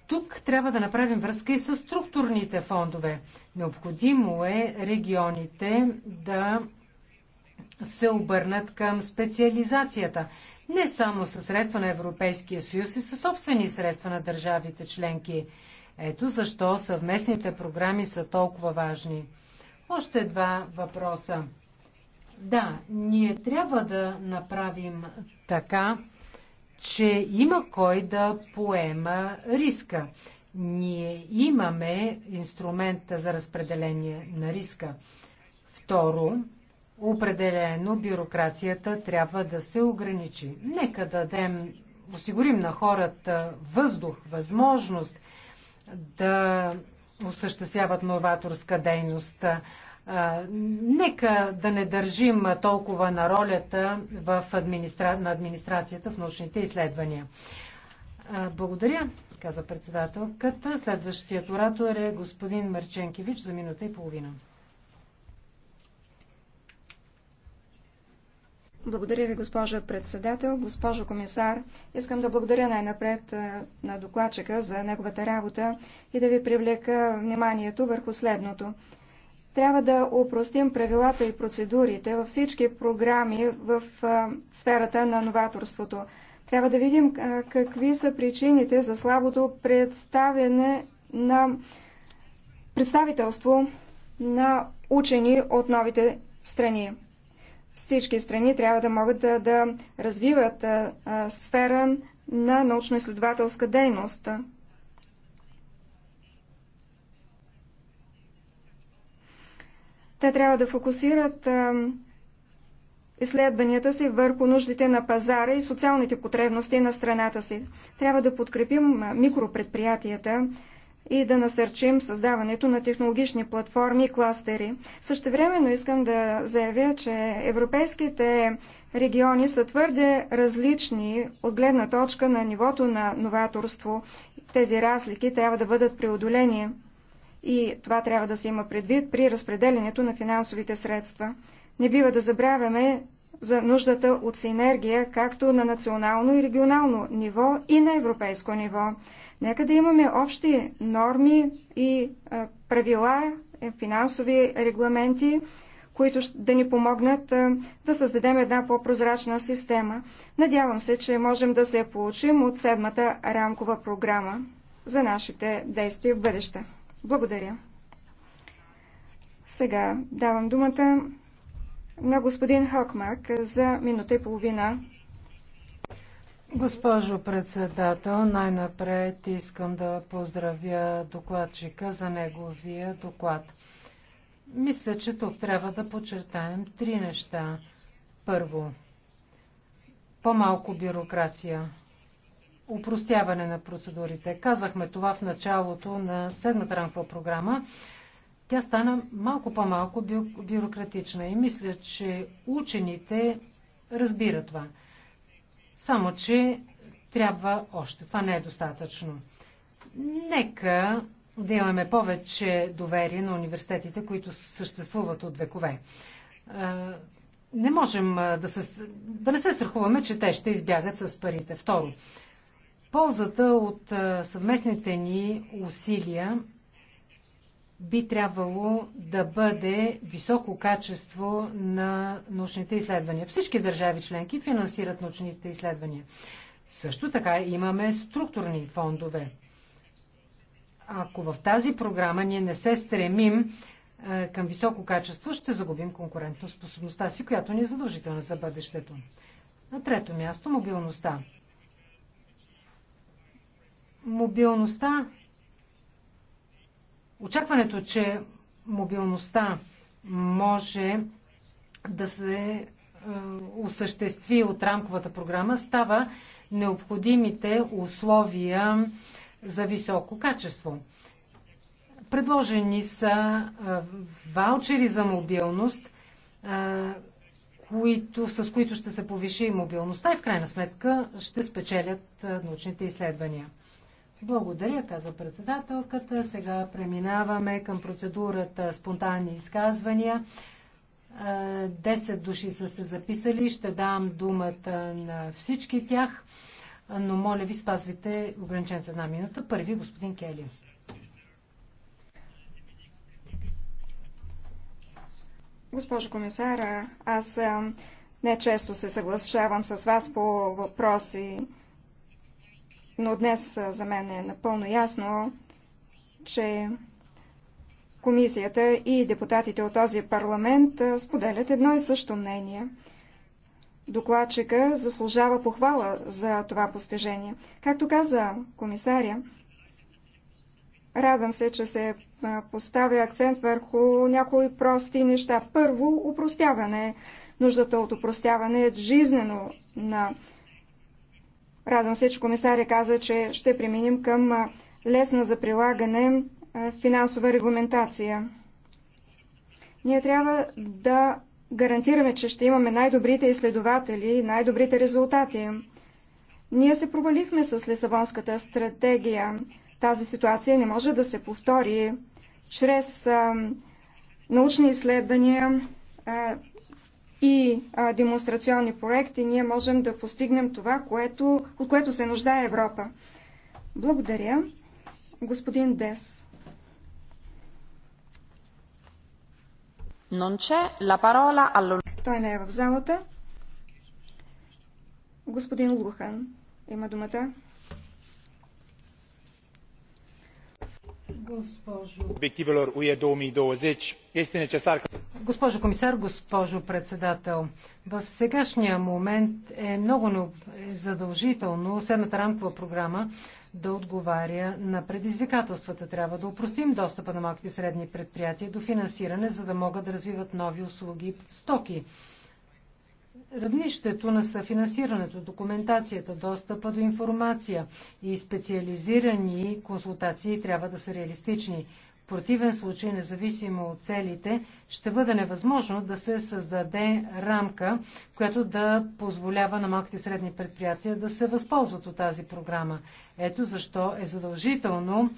Тук трябва да направим връзка и с структурните фондове. Необходимо е регионите да се обърнат към специализацията. Не само със средства на Европейския съюз и със собствени средства на държавите членки. Ето защо съвместните програми са толкова важни. Още два въпроса. Да, ние трябва да направим така, че има кой да поема риска. Ние имаме инструмента за разпределение на риска. Второ, Определено бюрокрацията трябва да се ограничи. Нека дадем, осигурим на хората въздух, възможност да осъществяват новаторска дейност. Нека да не държим толкова на ролята в администра... на администрацията в научните изследвания. Благодаря, казва председателката. Следващият оратор е господин Марченкевич за минута и половина. Благодаря ви, госпожа председател, госпожо комисар. Искам да благодаря най-напред на докладчика за неговата работа и да ви привлека вниманието върху следното. Трябва да упростим правилата и процедурите във всички програми в сферата на новаторството. Трябва да видим какви са причините за слабото представяне на представителство на учени от новите страни. Всички страни трябва да могат да, да развиват а, а, сфера на научно-изследователска дейност. Те трябва да фокусират а, изследванията си върху нуждите на пазара и социалните потребности на страната си. Трябва да подкрепим микропредприятията, и да насърчим създаването на технологични платформи и кластери. Същевременно искам да заявя, че европейските региони са твърде различни от гледна точка на нивото на новаторство. Тези разлики трябва да бъдат преодолени и това трябва да се има предвид при разпределенето на финансовите средства. Не бива да забравяме за нуждата от синергия както на национално и регионално ниво и на европейско ниво. Нека да имаме общи норми и правила, е, финансови регламенти, които да ни помогнат да създадем една по-прозрачна система. Надявам се, че можем да се получим от седмата рамкова програма за нашите действия в бъдеще. Благодаря. Сега давам думата на господин Хокмарк за минута и половина. Госпожо председател, най-напред искам да поздравя докладчика за неговия доклад. Мисля, че тук трябва да подчертаем три неща. Първо, по-малко бюрокрация, упростяване на процедурите. Казахме това в началото на седмата рамкова програма. Тя стана малко по-малко бю бюрократична и мисля, че учените разбират това – само, че трябва още. Това не е достатъчно. Нека да имаме повече доверие на университетите, които съществуват от векове. Не можем да, се, да не се страхуваме, че те ще избягат с парите. Второ, ползата от съвместните ни усилия би трябвало да бъде високо качество на научните изследвания. Всички държави членки финансират научните изследвания. Също така имаме структурни фондове. Ако в тази програма ние не се стремим е, към високо качество, ще загубим конкурентно способността си, която ни е задължителна за бъдещето. На трето място мобилността. Мобилността Очакването, че мобилността може да се е, осъществи от рамковата програма, става необходимите условия за високо качество. Предложени са е, ваучери за мобилност, е, които, с които ще се повиши мобилността и в крайна сметка ще спечелят научните изследвания. Благодаря, каза председателката. Сега преминаваме към процедурата спонтанни изказвания. Е, десет души са се записали. Ще дам думата на всички тях, но моля ви спазвайте ограничен за една минута. Първи господин Кели. Госпожо комисара, аз е, не често се съгласявам с вас по въпроси, но днес за мен е напълно ясно, че комисията и депутатите от този парламент споделят едно и също мнение. Докладчика заслужава похвала за това постижение. Както каза комисаря, радвам се, че се поставя акцент върху някои прости неща. Първо, упростяване. Нуждата от упростяване е жизнено на Радвам се, че комисаря каза, че ще преминем към лесна за прилагане финансова регламентация. Ние трябва да гарантираме, че ще имаме най-добрите изследователи и най-добрите резултати. Ние се провалихме с Лисабонската стратегия. Тази ситуация не може да се повтори. Чрез а, научни изследвания, а, и а, демонстрационни проекти, ние можем да постигнем това, което, от което се нуждае Европа. Благодаря. Господин Дес. Non c'è la parola allo... Той не е в залата. Господин Лухан има думата. Госпожо. Обективелор УЕ 2020 este necesar ca Госпожо комисар, госпожо председател, в сегашния момент е много е задължително седмата рамкова програма да отговаря на предизвикателствата. Трябва да упростим достъпа на малките и средни предприятия до финансиране, за да могат да развиват нови услуги и стоки. Равнището на съфинансирането, документацията, достъпа до информация и специализирани консултации трябва да са реалистични противен случай, независимо от целите, ще бъде невъзможно да се създаде рамка, която да позволява на малките и средни предприятия да се възползват от тази програма. Ето защо е задължително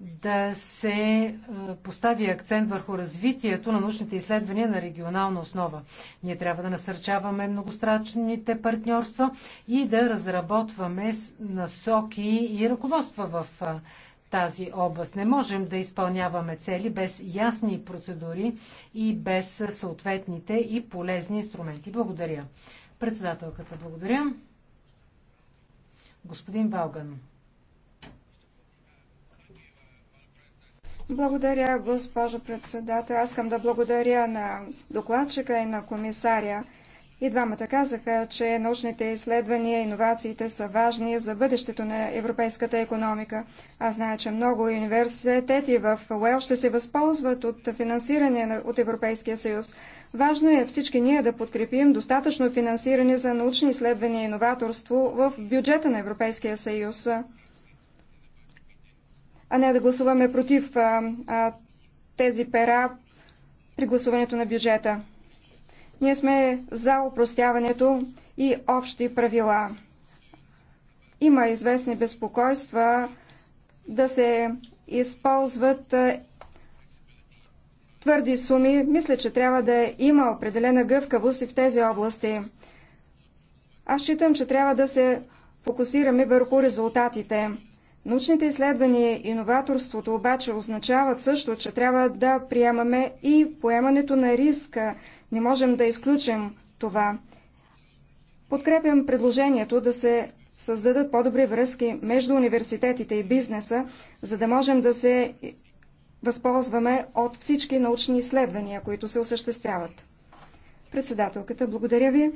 да се е, постави акцент върху развитието на научните изследвания на регионална основа. Ние трябва да насърчаваме многострачните партньорства и да разработваме насоки и ръководства в е, тази област. Не можем да изпълняваме цели без ясни процедури и без съответните и полезни инструменти. Благодаря. Председателката, благодаря. Господин Валган. Благодаря, госпожо председател. Аз искам да благодаря на докладчика и на комисаря. И двамата казаха, че научните изследвания, и иновациите са важни за бъдещето на европейската економика. Аз зная, че много университети в Уел ще се възползват от финансиране от Европейския съюз. Важно е всички ние да подкрепим достатъчно финансиране за научни изследвания и иноваторство в бюджета на Европейския съюз, а не да гласуваме против а, а, тези пера при гласуването на бюджета. Ние сме за упростяването и общи правила. Има известни безпокойства да се използват е, твърди суми. Мисля, че трябва да има определена гъвкавост и в тези области. Аз считам, че трябва да се фокусираме върху резултатите. Научните изследвания и новаторството обаче означават също, че трябва да приемаме и поемането на риска, не можем да изключим това. Подкрепям предложението да се създадат по-добри връзки между университетите и бизнеса, за да можем да се възползваме от всички научни изследвания, които се осъществяват. Председателката, благодаря ви.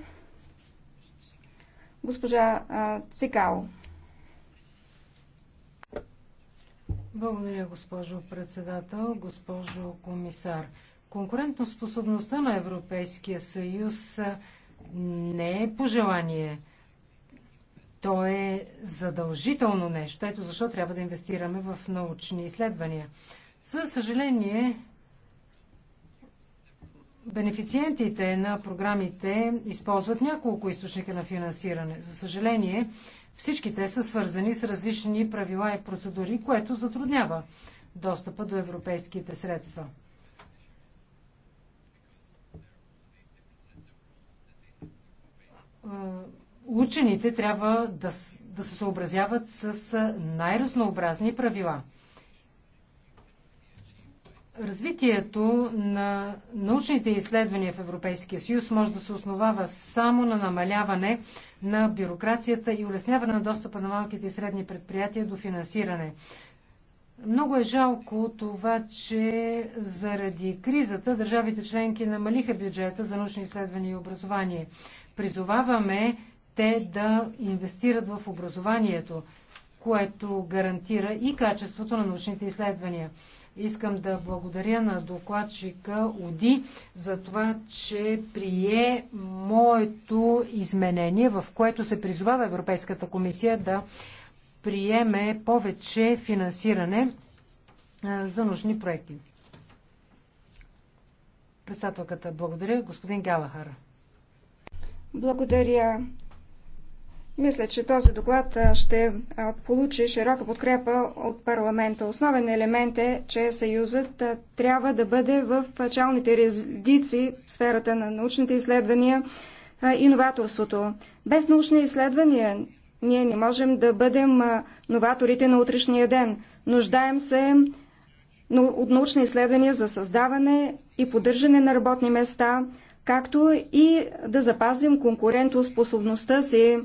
Госпожа Цикао. Благодаря, госпожо председател, госпожо комисар. Конкурентоспособността на Европейския съюз не е пожелание. То е задължително нещо. Ето защо трябва да инвестираме в научни изследвания. За съжаление, бенефициентите на програмите използват няколко източника на финансиране. За съжаление, всички те са свързани с различни правила и процедури, което затруднява достъпа до европейските средства. Е, учените трябва да, да се съобразяват с е, най-разнообразни правила. Развитието на научните изследвания в Европейския съюз може да се основава само на намаляване на бюрокрацията и улесняване на достъпа на малките и средни предприятия до финансиране. Много е жалко това, че заради кризата държавите членки намалиха бюджета за научни изследвания и образование. Призоваваме те да инвестират в образованието, което гарантира и качеството на научните изследвания. Искам да благодаря на докладчика Оди за това, че прие моето изменение, в което се призовава Европейската комисия да приеме повече финансиране за нужни проекти. Председателката, благодаря. Господин Галахар. Благодаря. Мисля, че този доклад ще получи широка подкрепа от парламента. Основен елемент е, че Съюзът трябва да бъде в началните редици в сферата на научните изследвания и новаторството. Без научни изследвания ние не можем да бъдем новаторите на утрешния ден. Нуждаем се от научни изследвания за създаване и поддържане на работни места, както и да запазим конкурентоспособността си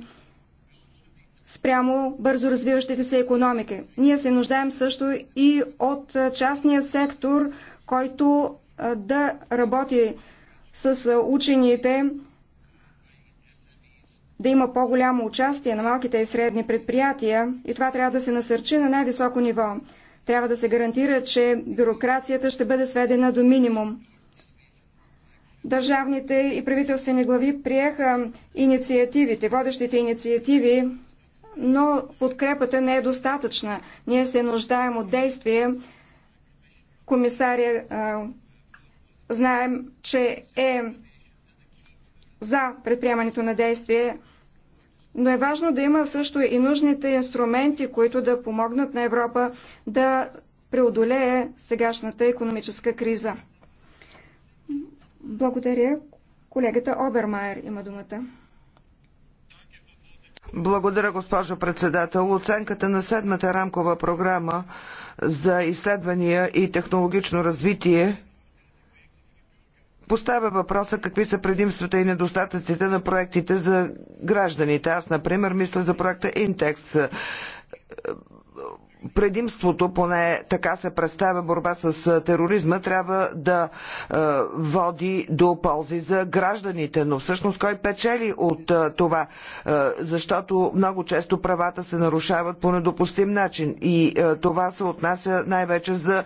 спрямо бързо развиващите се економики. Ние се нуждаем също и от частния сектор, който да работи с учените, да има по-голямо участие на малките и средни предприятия и това трябва да се насърчи на най-високо ниво. Трябва да се гарантира, че бюрокрацията ще бъде сведена до минимум. Държавните и правителствени глави приеха инициативите, водещите инициативи, но подкрепата не е достатъчна. Ние се нуждаем от действие. Комисария знаем, че е за предприемането на действие, но е важно да има също и нужните инструменти, които да помогнат на Европа да преодолее сегашната економическа криза. Благодаря. Колегата Обермайер има думата. Благодаря, госпожо председател. Оценката на седмата рамкова програма за изследвания и технологично развитие поставя въпроса какви са предимствата и недостатъците на проектите за гражданите. Аз, например, мисля за проекта Интекс предимството, поне така се представя борба с тероризма, трябва да води до ползи за гражданите. Но всъщност кой печели от това? защото много често правата се нарушават по недопустим начин. И това се отнася най-вече за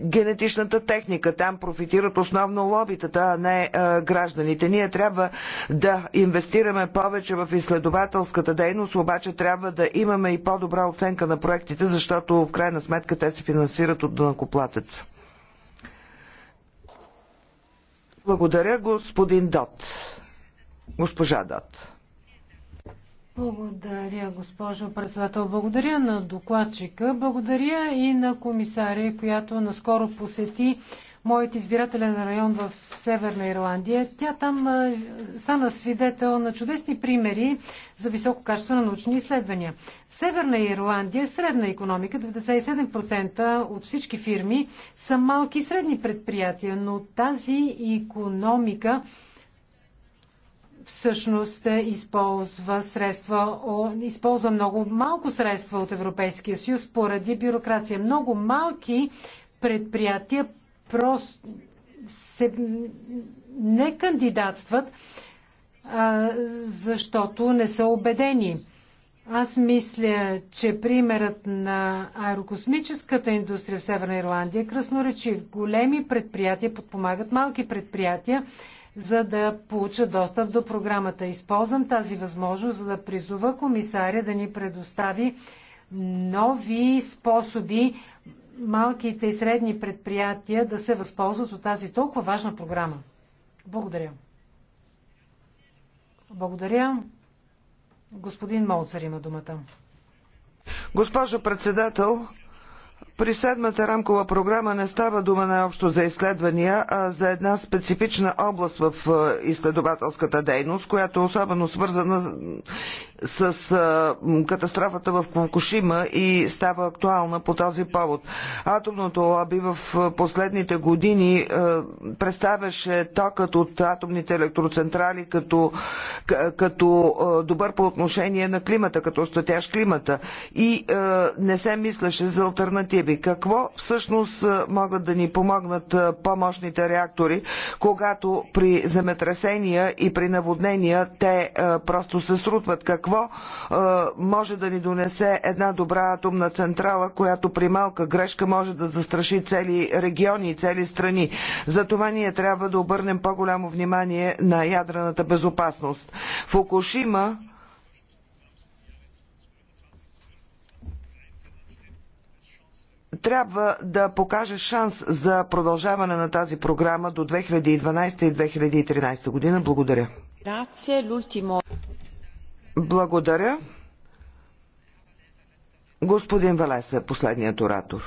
генетичната техника. Там профитират основно лобитата, а не гражданите. Ние трябва да инвестираме повече в изследователската дейност, обаче трябва трябва да имаме и по-добра оценка на проектите, защото в крайна сметка те се финансират от дънакоплатеца. Благодаря, господин Дот. Госпожа Дот. Благодаря, госпожо председател. Благодаря на докладчика. Благодаря и на комисаря, която наскоро посети моят избирателен район в Северна Ирландия. Тя там стана свидетел на чудесни примери за високо качество на научни изследвания. Северна Ирландия е средна економика. 97% от всички фирми са малки и средни предприятия, но тази економика всъщност използва средства, използва много малко средства от Европейския съюз поради бюрокрация. Много малки предприятия просто се, не кандидатстват, а, защото не са убедени. Аз мисля, че примерът на аерокосмическата индустрия в Северна Ирландия е красноречив. Големи предприятия подпомагат малки предприятия, за да получат достъп до програмата. Използвам тази възможност, за да призова комисаря да ни предостави нови способи малките и средни предприятия да се възползват от тази толкова важна програма. Благодаря. Благодаря. Господин Молцар има думата. Госпожо председател, при седмата рамкова програма не става дума най-общо за изследвания, а за една специфична област в е, изследователската дейност, която е особено свързана с а, катастрофата в Кукушима и става актуална по този повод. Атомното лоби в последните години а, представяше токът от атомните електроцентрали като, като а, добър по отношение на климата, като щатяш климата и а, не се мислеше за альтернативи. Какво всъщност могат да ни помогнат по-мощните реактори, когато при земетресения и при наводнения те а, просто се срутват? Какво какво може да ни донесе една добра атомна централа, която при малка грешка може да застраши цели региони и цели страни. Затова ние трябва да обърнем по-голямо внимание на ядрената безопасност. Фукушима трябва да покаже шанс за продължаване на тази програма до 2012 и 2013 година. Благодаря. Благодаря. Господин Валеса е последният оратор.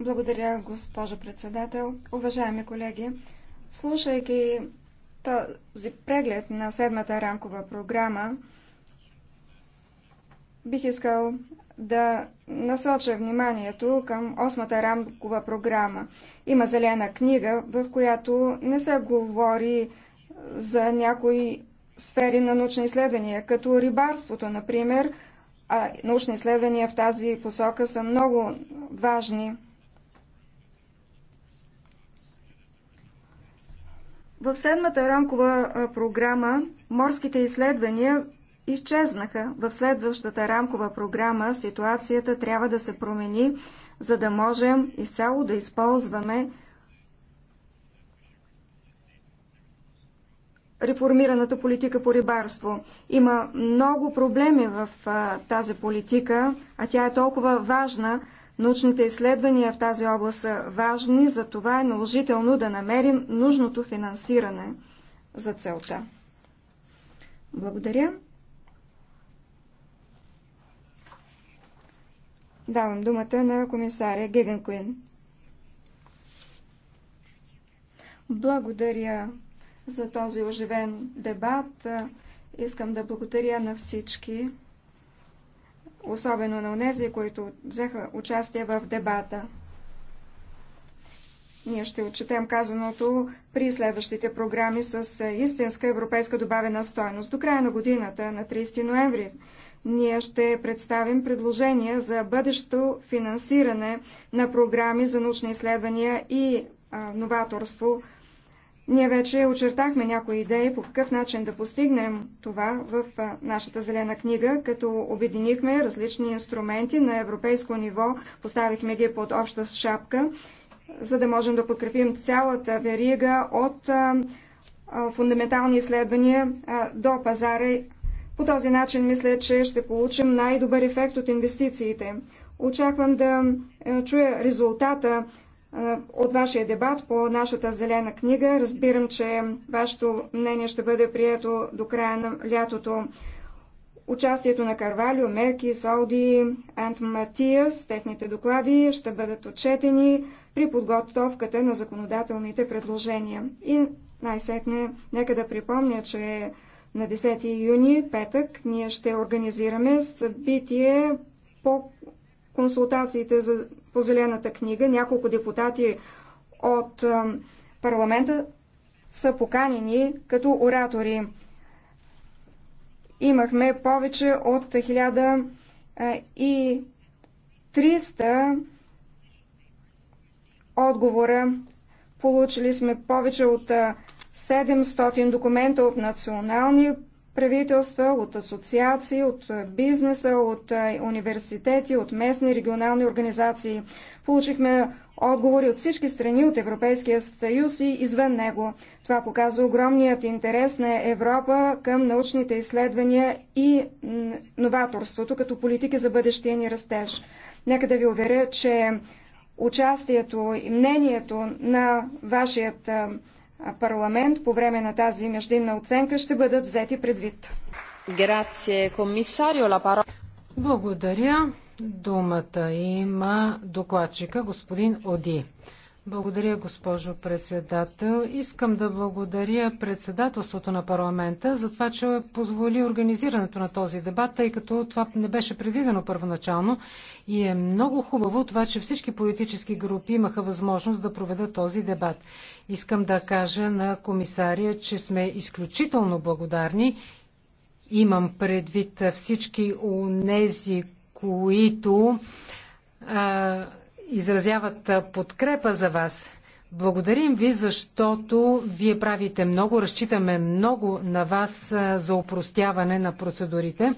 Благодаря, госпожо председател. Уважаеми колеги, слушайки този преглед на седмата рамкова програма, бих искал да насоча вниманието към осмата рамкова програма. Има зелена книга, в която не се говори за някои сфери на научни изследвания, като рибарството, например, а научни изследвания в тази посока са много важни. В седмата рамкова програма морските изследвания изчезнаха. В следващата рамкова програма ситуацията трябва да се промени, за да можем изцяло да използваме реформираната политика по рибарство. Има много проблеми в тази политика, а тя е толкова важна. Научните изследвания в тази област са важни, за това е наложително да намерим нужното финансиране за целта. Благодаря. Давам думата на комисаря Гегенкуин. Благодаря за този оживен дебат. Искам да благодаря на всички, особено на онези, които взеха участие в дебата. Ние ще отчетем казаното при следващите програми с истинска европейска добавена стоеност До края на годината, на 30 ноември, ние ще представим предложения за бъдещо финансиране на програми за научни изследвания и а, новаторство. Ние вече очертахме някои идеи по какъв начин да постигнем това в а, нашата зелена книга, като обединихме различни инструменти на европейско ниво, поставихме ги под обща шапка, за да можем да подкрепим цялата верига от а, фундаментални изследвания до пазара по този начин мисля, че ще получим най-добър ефект от инвестициите. Очаквам да е, чуя резултата е, от вашия дебат по нашата зелена книга. Разбирам, че вашето мнение ще бъде прието до края на лятото. Участието на Карвалио, Мерки, Сауди, Ант Матиас, техните доклади ще бъдат отчетени при подготовката на законодателните предложения. И най-сетне, нека да припомня, че на 10 юни, петък, ние ще организираме събитие по консултациите за, по Зелената книга. Няколко депутати от парламента са поканени като оратори. Имахме повече от 1300 отговора. Получили сме повече от 700 документа от национални правителства, от асоциации, от бизнеса, от университети, от местни регионални организации. Получихме отговори от всички страни от Европейския съюз и извън него. Това показва огромният интерес на Европа към научните изследвания и новаторството като политики за бъдещия ни растеж. Нека да ви уверя, че участието и мнението на вашият парламент по време на тази междинна оценка ще бъдат взети предвид. Благодаря. Думата има докладчика господин Оди. Благодаря, госпожо председател. Искам да благодаря председателството на парламента за това, че позволи организирането на този дебат, тъй като това не беше предвидено първоначално и е много хубаво това, че всички политически групи имаха възможност да проведат този дебат. Искам да кажа на комисария, че сме изключително благодарни. Имам предвид всички унези, които а, изразяват подкрепа за вас. Благодарим ви, защото вие правите много, разчитаме много на вас за упростяване на процедурите.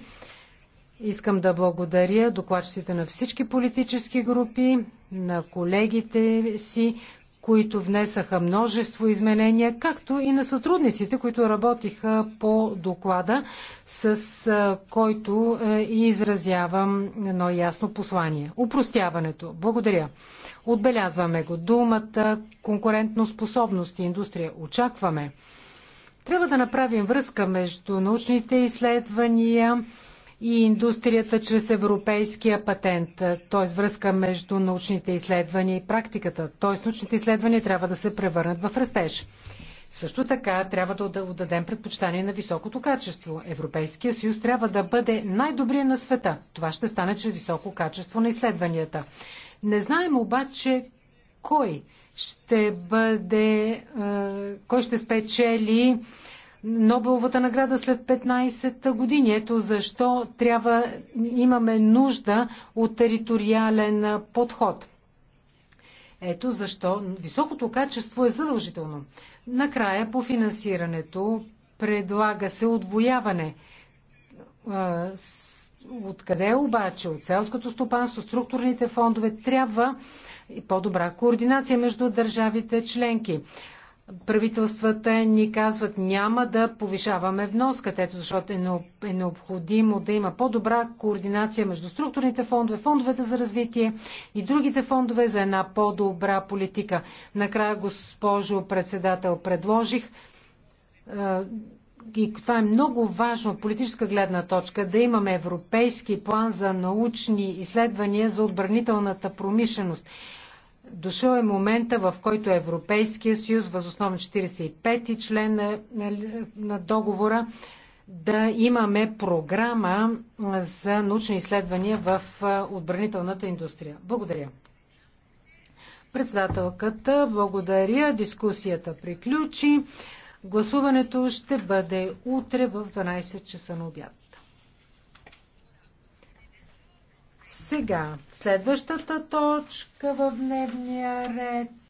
Искам да благодаря докладчиците на всички политически групи, на колегите си, които внесаха множество изменения, както и на сътрудниците, които работиха по доклада, с който е, и изразявам едно ясно послание. Упростяването. Благодаря. Отбелязваме го. Думата конкурентно способност и индустрия. Очакваме. Трябва да направим връзка между научните изследвания, и индустрията чрез европейския патент, т.е. връзка между научните изследвания и практиката. Т.е. научните изследвания трябва да се превърнат в растеж. Също така трябва да отдадем предпочитание на високото качество. Европейския съюз трябва да бъде най-добрия на света. Това ще стане чрез високо качество на изследванията. Не знаем обаче кой ще бъде, е, кой ще спечели Нобеловата награда след 15 години. Ето защо трябва, имаме нужда от териториален подход. Ето защо високото качество е задължително. Накрая по финансирането предлага се отвояване. Откъде обаче? От селското стопанство, структурните фондове трябва по-добра координация между държавите членки правителствата ни казват няма да повишаваме вноската, ето защото е, е необходимо да има по-добра координация между структурните фондове, фондовете за развитие и другите фондове за една по-добра политика. Накрая, госпожо председател, предложих е, и това е много важно от политическа гледна точка, да имаме европейски план за научни изследвания за отбранителната промишленост. Дошъл е момента, в който Европейския съюз, възоснова 45-ти член на, на, на договора, да имаме програма за научни изследвания в отбранителната индустрия. Благодаря. Председателката, благодаря. Дискусията приключи. Гласуването ще бъде утре в 12 часа на обяд. Сега, следващата точка в дневния ред